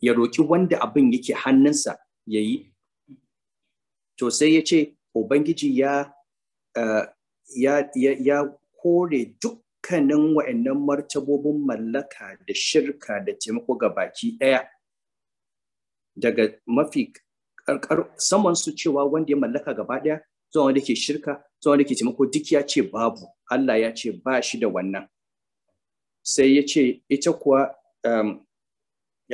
ya roƙi wanda abin yake hannunsa ya yi to sai ya ce ubangiji ya eh, ya kore dukkanin wa'annan martabobin mallaka da shirka da taimako ga baki ɗaya daga mafi saman su cewa wanda ya mallaka gaba ɗaya zuwa wanda ke shirka zuwa wanda ke taimako duk ya ce babu Allah ya ce ba shi da wannan sai ya ce ita kuwa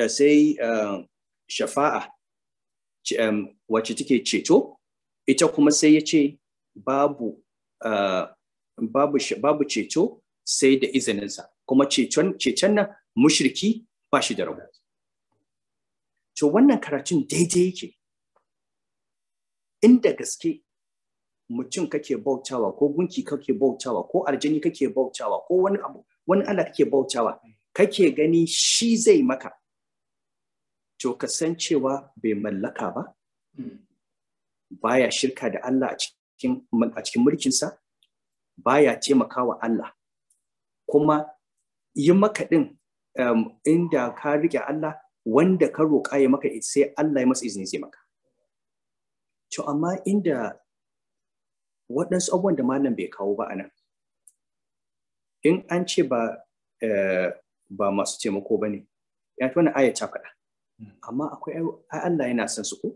sai eh, shafa'a eh, wacce take ceto ita kuma sai ya ce babu eh, babu ceto sai da izininsa kuma ceton nan mushriki ba shi da rabo to wannan karatun daidai yake inda gaske mutum kake bautawa ko gunki kake bautawa ko aljani kake bautawa ko wani abu wani Allah kake bautawa kake gani shi zai maka to ka san cewa bai mallaka ba hmm. baya shirka da Allah a cikin mulkinsa, ba mulkinsa baya taimakawa Allah kuma yi maka ɗin um, inda ka rike Allah wanda ka roƙa ya maka sai Allah ya masa izini zai maka to amma inda waɗansu abubuwan da malam bai kawo ba a nan in an ce ba eh, masu taimako ba ne ya fi wani aya ta faɗa amma akwai ai Allah yana son su ko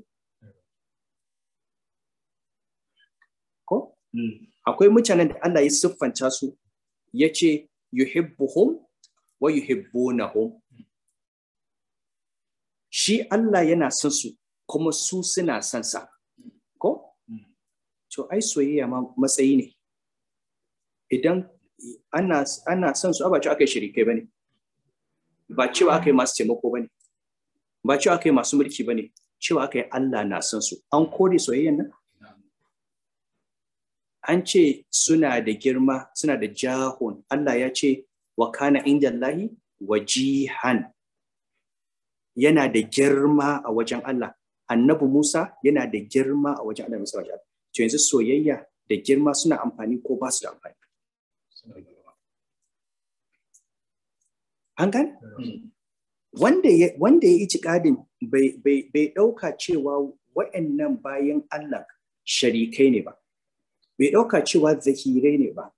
ko hmm. akwai mutanen da Allah ya siffanta su ya ce yuhibbuhum wa yuhibbunahum shi Allah yana son su kuma su suna son sa ko hmm. to ai soyayya ma matsayi ne idan ana son su ba ce aka yi shirikai ne ba cewa aka yi masu taimako ba ne. ba cewa aka yi masu mulki ba ne cewa aka yi Allah na son su an kore soyayyan nan an ce suna da girma suna da jahon Allah ya ce wa kana inda Allahi jihan yana da girma a wajen Allah annabi Musa yana da girma a wajen Allah Musa to yanzu soyayya da girma suna amfani ko ba su da amfani an wanda ya ci ya bai ɗauka cewa wa'annan bayan Allah sharikai ne ba bai dauka cewa zahirai ne ba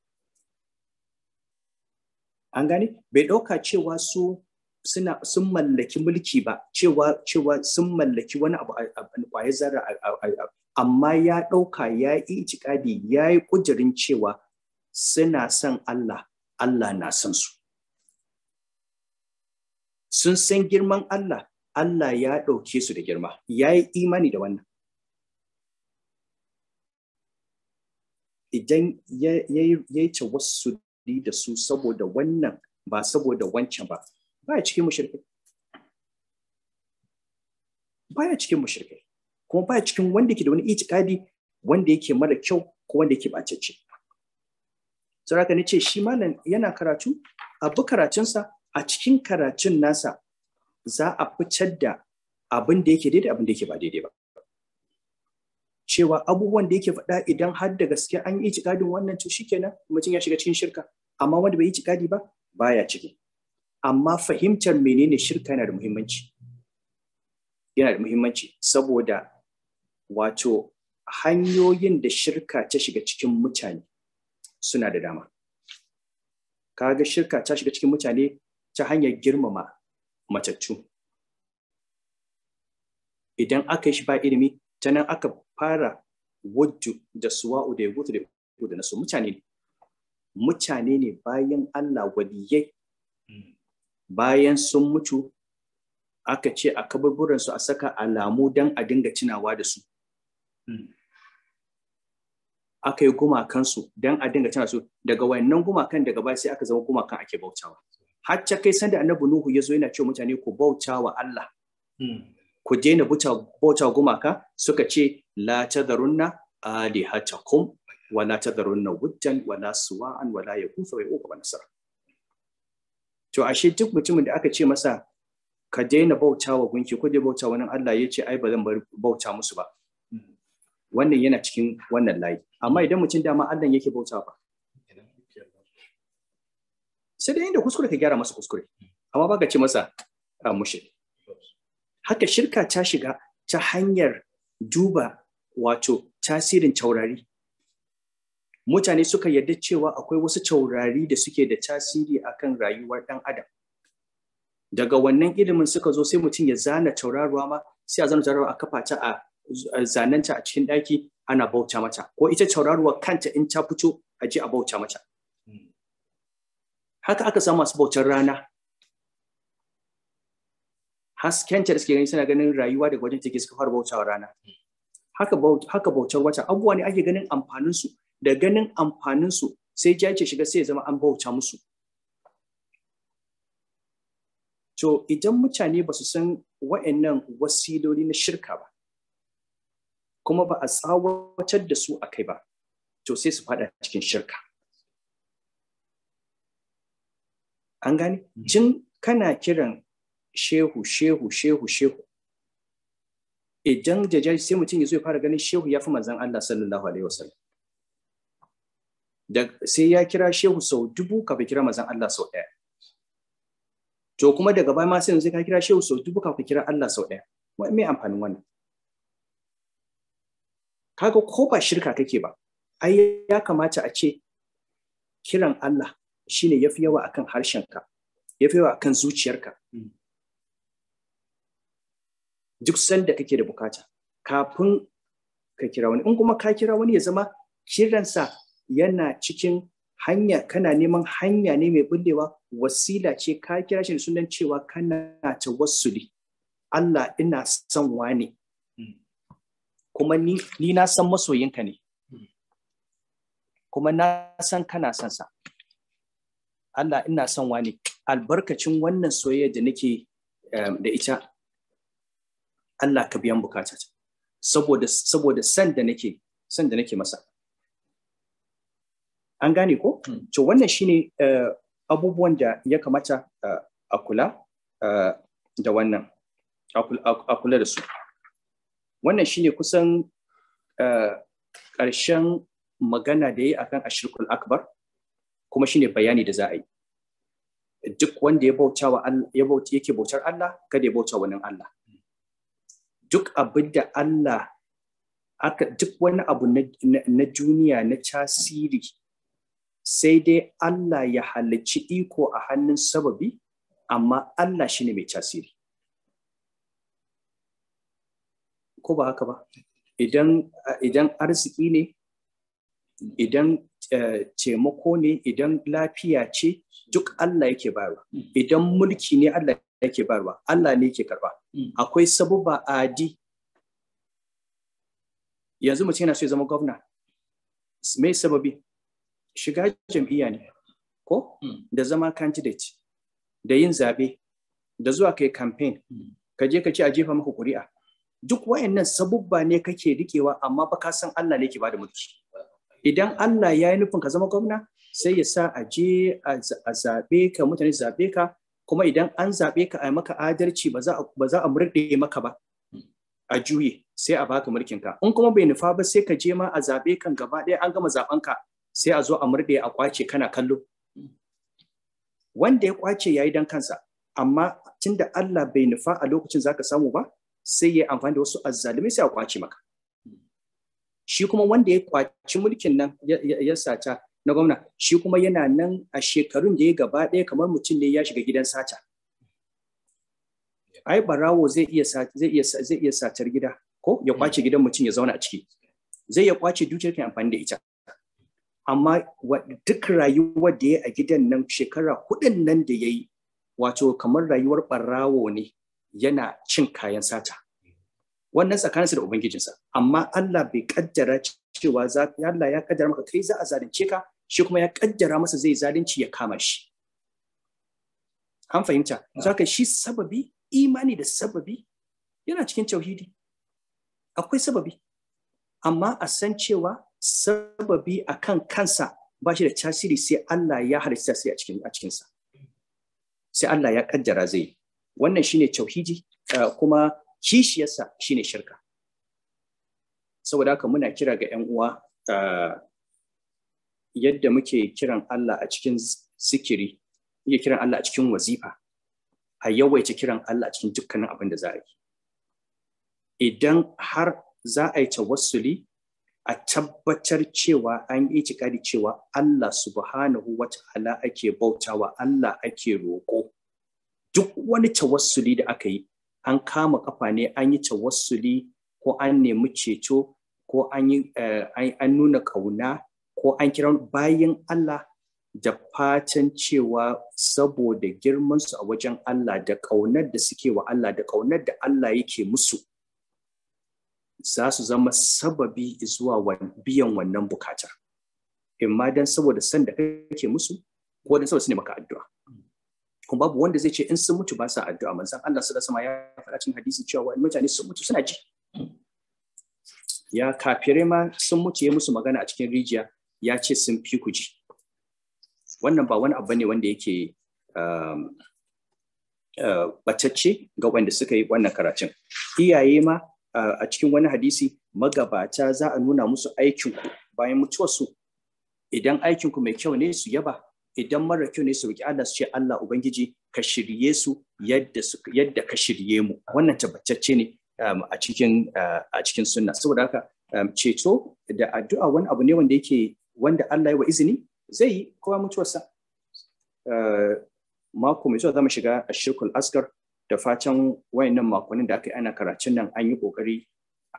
an gani? bai dauka cewa su suna sun mallaki mulki ba cewa cewa sun mallaki wani abu a zarra amma ya ɗauka, ya yi itikadi ya yi kujirin cewa suna son Allah Allah na son su sun san girman Allah Allah ya ɗauke su da girma ya yi imani da wannan idan ya yi wasu da su saboda wannan ba saboda wancan ba ba ya cikin Ba baya cikin mushrikai kuma ba ya cikin wanda ke da wani itikadi wanda yake mara kyau ko wanda yake bacacce saboda ne ce shi malam yana karatu abu karatunsa a cikin karatun nasa za a fitar da abin da yake daidai abin da yake ba daidai ba cewa abubuwan da yake faɗa idan har da gaske an yi cikadin wannan to shikenan mutum ya shiga cikin shirka amma wanda bai yi cikadi ba baya ciki amma fahimtar menene shirka yana da muhimmanci yana da muhimmanci saboda wato hanyoyin da shirka ta shiga cikin mutane suna da dama kaga shirka ta shiga cikin mutane ta hanyar girmama matattu idan aka yi shi ba ilimi ta nan aka fara wajju da suwa da ya gutu da da nasu mutane ne mutane ne bayan Allah waliyai bayan sun mutu aka ce a kaburburansu a saka alamu don a dinga tunawa da su aka yi gumakansu don a dinga tunawa su daga wayannan gumakan daga baya sai aka zama gumakan ake bautawa har ta kai sanda annabi nuhu ya zo yana cewa mutane ku bauta wa Allah hmm. ku daina bauta gumaka suka ce la tadarunna alihatakum wa la tadarunna wujjan wa la suwa'an wa la yakutha wa nasara to ashe duk mutumin da aka ce masa ka daina bauta wa gunki ko daina bauta wani Allah ya ce ai ba zan bar bauta musu ba hmm. wannan yana cikin wannan layi amma idan mutum dama Allah yake bauta ba sai dai inda kuskure ka gyara masa kuskure amma baka ce masa ah, mushe haka shirka ta shiga ta hanyar duba wato tasirin taurari mutane suka yarda cewa akwai wasu taurari da suke da tasiri akan rayuwar ɗan adam daga wannan ilimin suka zo sai mutum ya zana tauraruwa ma sai a zana tauraruwa a kafa ta a zanenta a cikin ɗaki ana bauta mata ko ita tauraruwa kanta in ta fito a je a bauta mata haka aka samu masu bautar rana haskenta da suke gani suna ganin rayuwa daga wajen take suka fara bautawa rana haka haka bautar wata abubuwa ne ake ganin amfanin da ganin amfanin su sai jace shiga sai ya zama an bauta musu to idan mutane ba su san wa'annan wasiloli na shirka ba kuma ba a tsawatar da su a kai ba to sai su fada cikin shirka an gane mm. jin kana kiran shehu shehu shehu shehu idan jajaji sai mutum ya zo ya fara ganin shehu ya fi manzan Allah sallallahu alaihi wasallam sai ya kira shehu sau dubu kafin kira manzan Allah sau ɗaya to kuma daga baya ma sai yanzu ka kira shehu sau dubu kafin kira Allah sau ɗaya me amfanin wannan kaga ko ba shirka kake ba ai ya kamata a ce kiran Allah shine yafi yawa akan harshenka yafi yawa akan zuciyarka hmm. duk sanda kake da bukata kafin ka kira wani in kuma ka kira wani ya zama kiransa yana cikin hanya kana neman hanya ne mai bullewa wasila ce ka kira shi da sunan cewa kana ta wasuli? Allah ina son wane hmm. kuma ni, na san masoyinka ne hmm. kuma na san kana son sa Allah ina son wani albarkacin wannan soyayya da nake eh, da ita Allah ka biyan bukata saboda saboda san da nake san da nake masa an gane ko hmm. to wannan shine eh, abubuwan da ya kamata eh, a kula da wannan a kula da su wannan shine kusan karshen magana da yi akan ashirkul akbar kuma shine bayani da za a yi duk wanda ya bauta wa Allah yake bautar Allah kada ya bauta wani Allah duk abin da Allah aka duk wani abu na duniya na tasiri sai dai Allah ya halicci iko a hannun sababi amma Allah shine mai tasiri ko ba haka ba idan arziki ne idan Eh, taimako ne idan lafiya ce duk Allah yake bayarwa mm. idan mulki ne Allah yake bayarwa Allah ne yake karba mm. akwai sabuba adi yanzu mutum yana so ya zama gwamna me sababi shiga jam'iyya ne ko mm. da zama candidate da yin zaɓe da zuwa kai campaign ka je ka ce a jefa maka kuri'a? duk wayannan sabubba ne kake rikewa amma ba ka san Allah ne ke bada mulki idan Allah ya yi nufin ka zama gwamna sai ya sa a je a zaɓe ka mutane zaɓe ka kuma idan an zaɓe ka a maka adalci ba za a murɗe maka ba a juye sai a baka mulkin ka in kuma bai nufa ba sai ka je ma a zaɓe kan gaba ɗaya an gama zaɓen ka sai a zo a murɗe a kwace kana kallo wanda ya kwace yayi dan kansa amma tunda Allah bai nufa a lokacin zaka samu ba sai ya amfani da wasu azzalumai sai a kwace maka shi kuma wanda ya kwaci mulkin nan ya sata na gwamna shi kuma yana nan a shekarun da ya gaba ɗaya kamar mutum ne ya shiga gidan sata ai barawo zai iya satar gida ko ya kwace gidan mutum ya zauna a ciki zai ya kwace dukiyar kai amfani da ita amma duk rayuwar da ya a gidan nan shekara hudun nan da ya yi wato kamar rayuwar barawo ne yana cin kayan sata wannan tsakaninsa da ubangijinsa amma Allah bai kaddara cewa Allah ya kaddara maka kai za a zalunce ka shi kuma ya kaddara masa zai zalunci ya kama shi an fahimta saka shi sababi imani da sababi yana cikin tauhidi akwai sababi amma a san cewa sababi a kan kansa ba shi da tasiri sai Allah ya halitta sai a cikinsa sai Allah ya kaddara zai wannan shine tauhidi eh, kuma kishiyarsa shine shirka saboda haka muna kira ga 'yan uwa yadda muke kiran Allah a cikin sikiri, muke kiran Allah a cikin wazifa a yawaita kiran Allah a cikin dukkanin abin da za a yi idan har za a yi tawassuli a tabbatar cewa an yi itikadi cewa Allah subhanahu wa ta'ala ake bautawa Allah ake roƙo duk wani tawassuli da aka yi an kama kafa ne an yi tawassuli ko an nemi ceto ko an eh, nuna kauna ko an kira bayan Allah da fatan cewa saboda girmansu a wajen Allah da kaunar da suke wa Allah da kaunar da Allah yake musu za su zama sababi zuwa biyan wannan bukatar. Imma don saboda san da kake musu ko don saboda su ne maka addu'a. kuma babu wanda zai ce in sun mutu ba sa addu'a manzon Allah sallallahu sama ya faɗa cikin hadisi cewa mutane sun mutu suna ji ya kafire ma sun mutu ya musu magana a cikin rijiya ya ce sun fi ku ji wannan ba wani abu ne wanda yake um, uh, batacce ga wanda suka yi wannan karatun iyaye ma uh, a cikin wani hadisi magabata za a nuna musu aikinku bayan su idan aikinku mai kyau ne su yaba idan mara kyau ne su roki Allah su ce Allah ubangiji ka shirye su yadda ka shirye mu wannan tabbatacce ne um, a cikin uh, a sunna saboda haka um, ceto da addu'a wani abu ne wanda yake wanda Allah ya wa izini zai yi kowa mutuwarsa uh, mako mai zuwa zama shiga shirkul askar da fatan wayannan makonin da aka yi ana karatun nan an yi kokari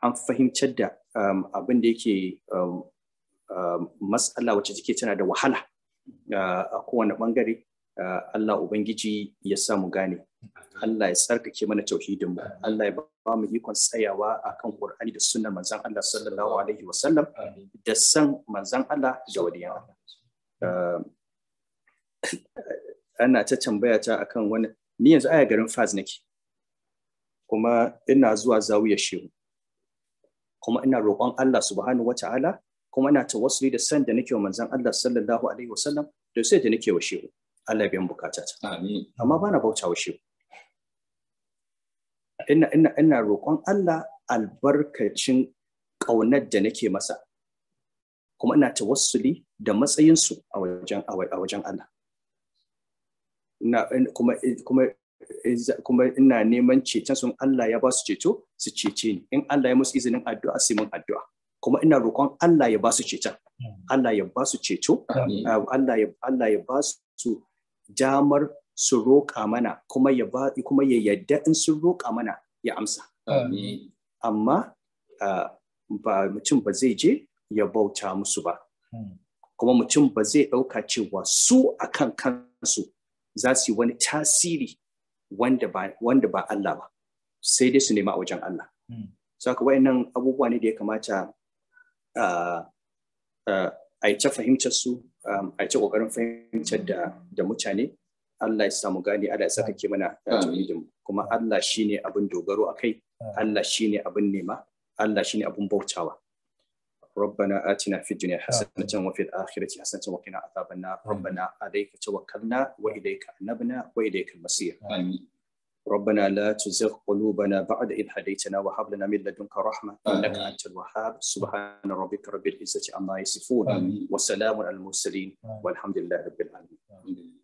an fahimtar da um, abin da yake matsala wacce take tana da wahala a kowane bangare Allah Ubangiji ya sa mu gane Allah ya tsarkake mana tauhidin mu Allah ya ba mu ikon tsayawa akan Qur'ani da sunnar manzon Allah sallallahu alaihi sallam da san manzon Allah da waliyan ah, ana ta tambaya ta akan wani ni yanzu aya garin Faz nake kuma ina zuwa zawiyar shehu kuma ina roƙon Allah subhanahu ta'ala. kuma ina ta wasu da san da nake wa manzan Allah sallallahu alaihi wasallam da sai da nake wa shehu Allah biyan ta, amin amma bana bauta wa shehu ina ina ina roƙon Allah albarkacin ƙaunar da nake masa kuma ina ta wasu da matsayinsu a wajen a wajen Allah kuma kuma kuma ina neman ceton sun Allah ya ba su ceto su cece ni in Allah ya musu izinin addu'a sai mun addu'a kuma ina roƙon Allah ya ba su ceton Allah ya ba su ceto ah, Allah ya Allah ya ba su damar su roƙa mana kuma ya ba kuma ya yadda in sun roƙa mana ya amsa amma ah, ba mutum ba zai je ya bauta musu ba hmm. kuma mutum ba zai ɗauka cewa su akan kansu za su yi wani tasiri wanda ba Allah ba sai dai su nema a wajen Allah hmm. saka waɗannan abubuwa ne da ya kamata a yi ta fahimtar su um, a yi ta ƙoƙarin fahimtar da mutane Allah ya samu gani Allah ya saka ke mana tunidin kuma Allah shi ne abin dogaro a kai Allah shi ne abin nema Allah shi ne abin bautawa ربنا آتنا في الدنيا حسنة وفي الآخرة حسنة وقنا عذاب النار ربنا عليك توكلنا وإليك أنبنا وإليك المصير آمين ربنا لا تزغ قلوبنا بعد إذ هديتنا وهب لنا من لدنك رحمة إنك أنت الوهاب سبحان ربك رب العزة عما يصفون وسلام على المرسلين والحمد لله رب العالمين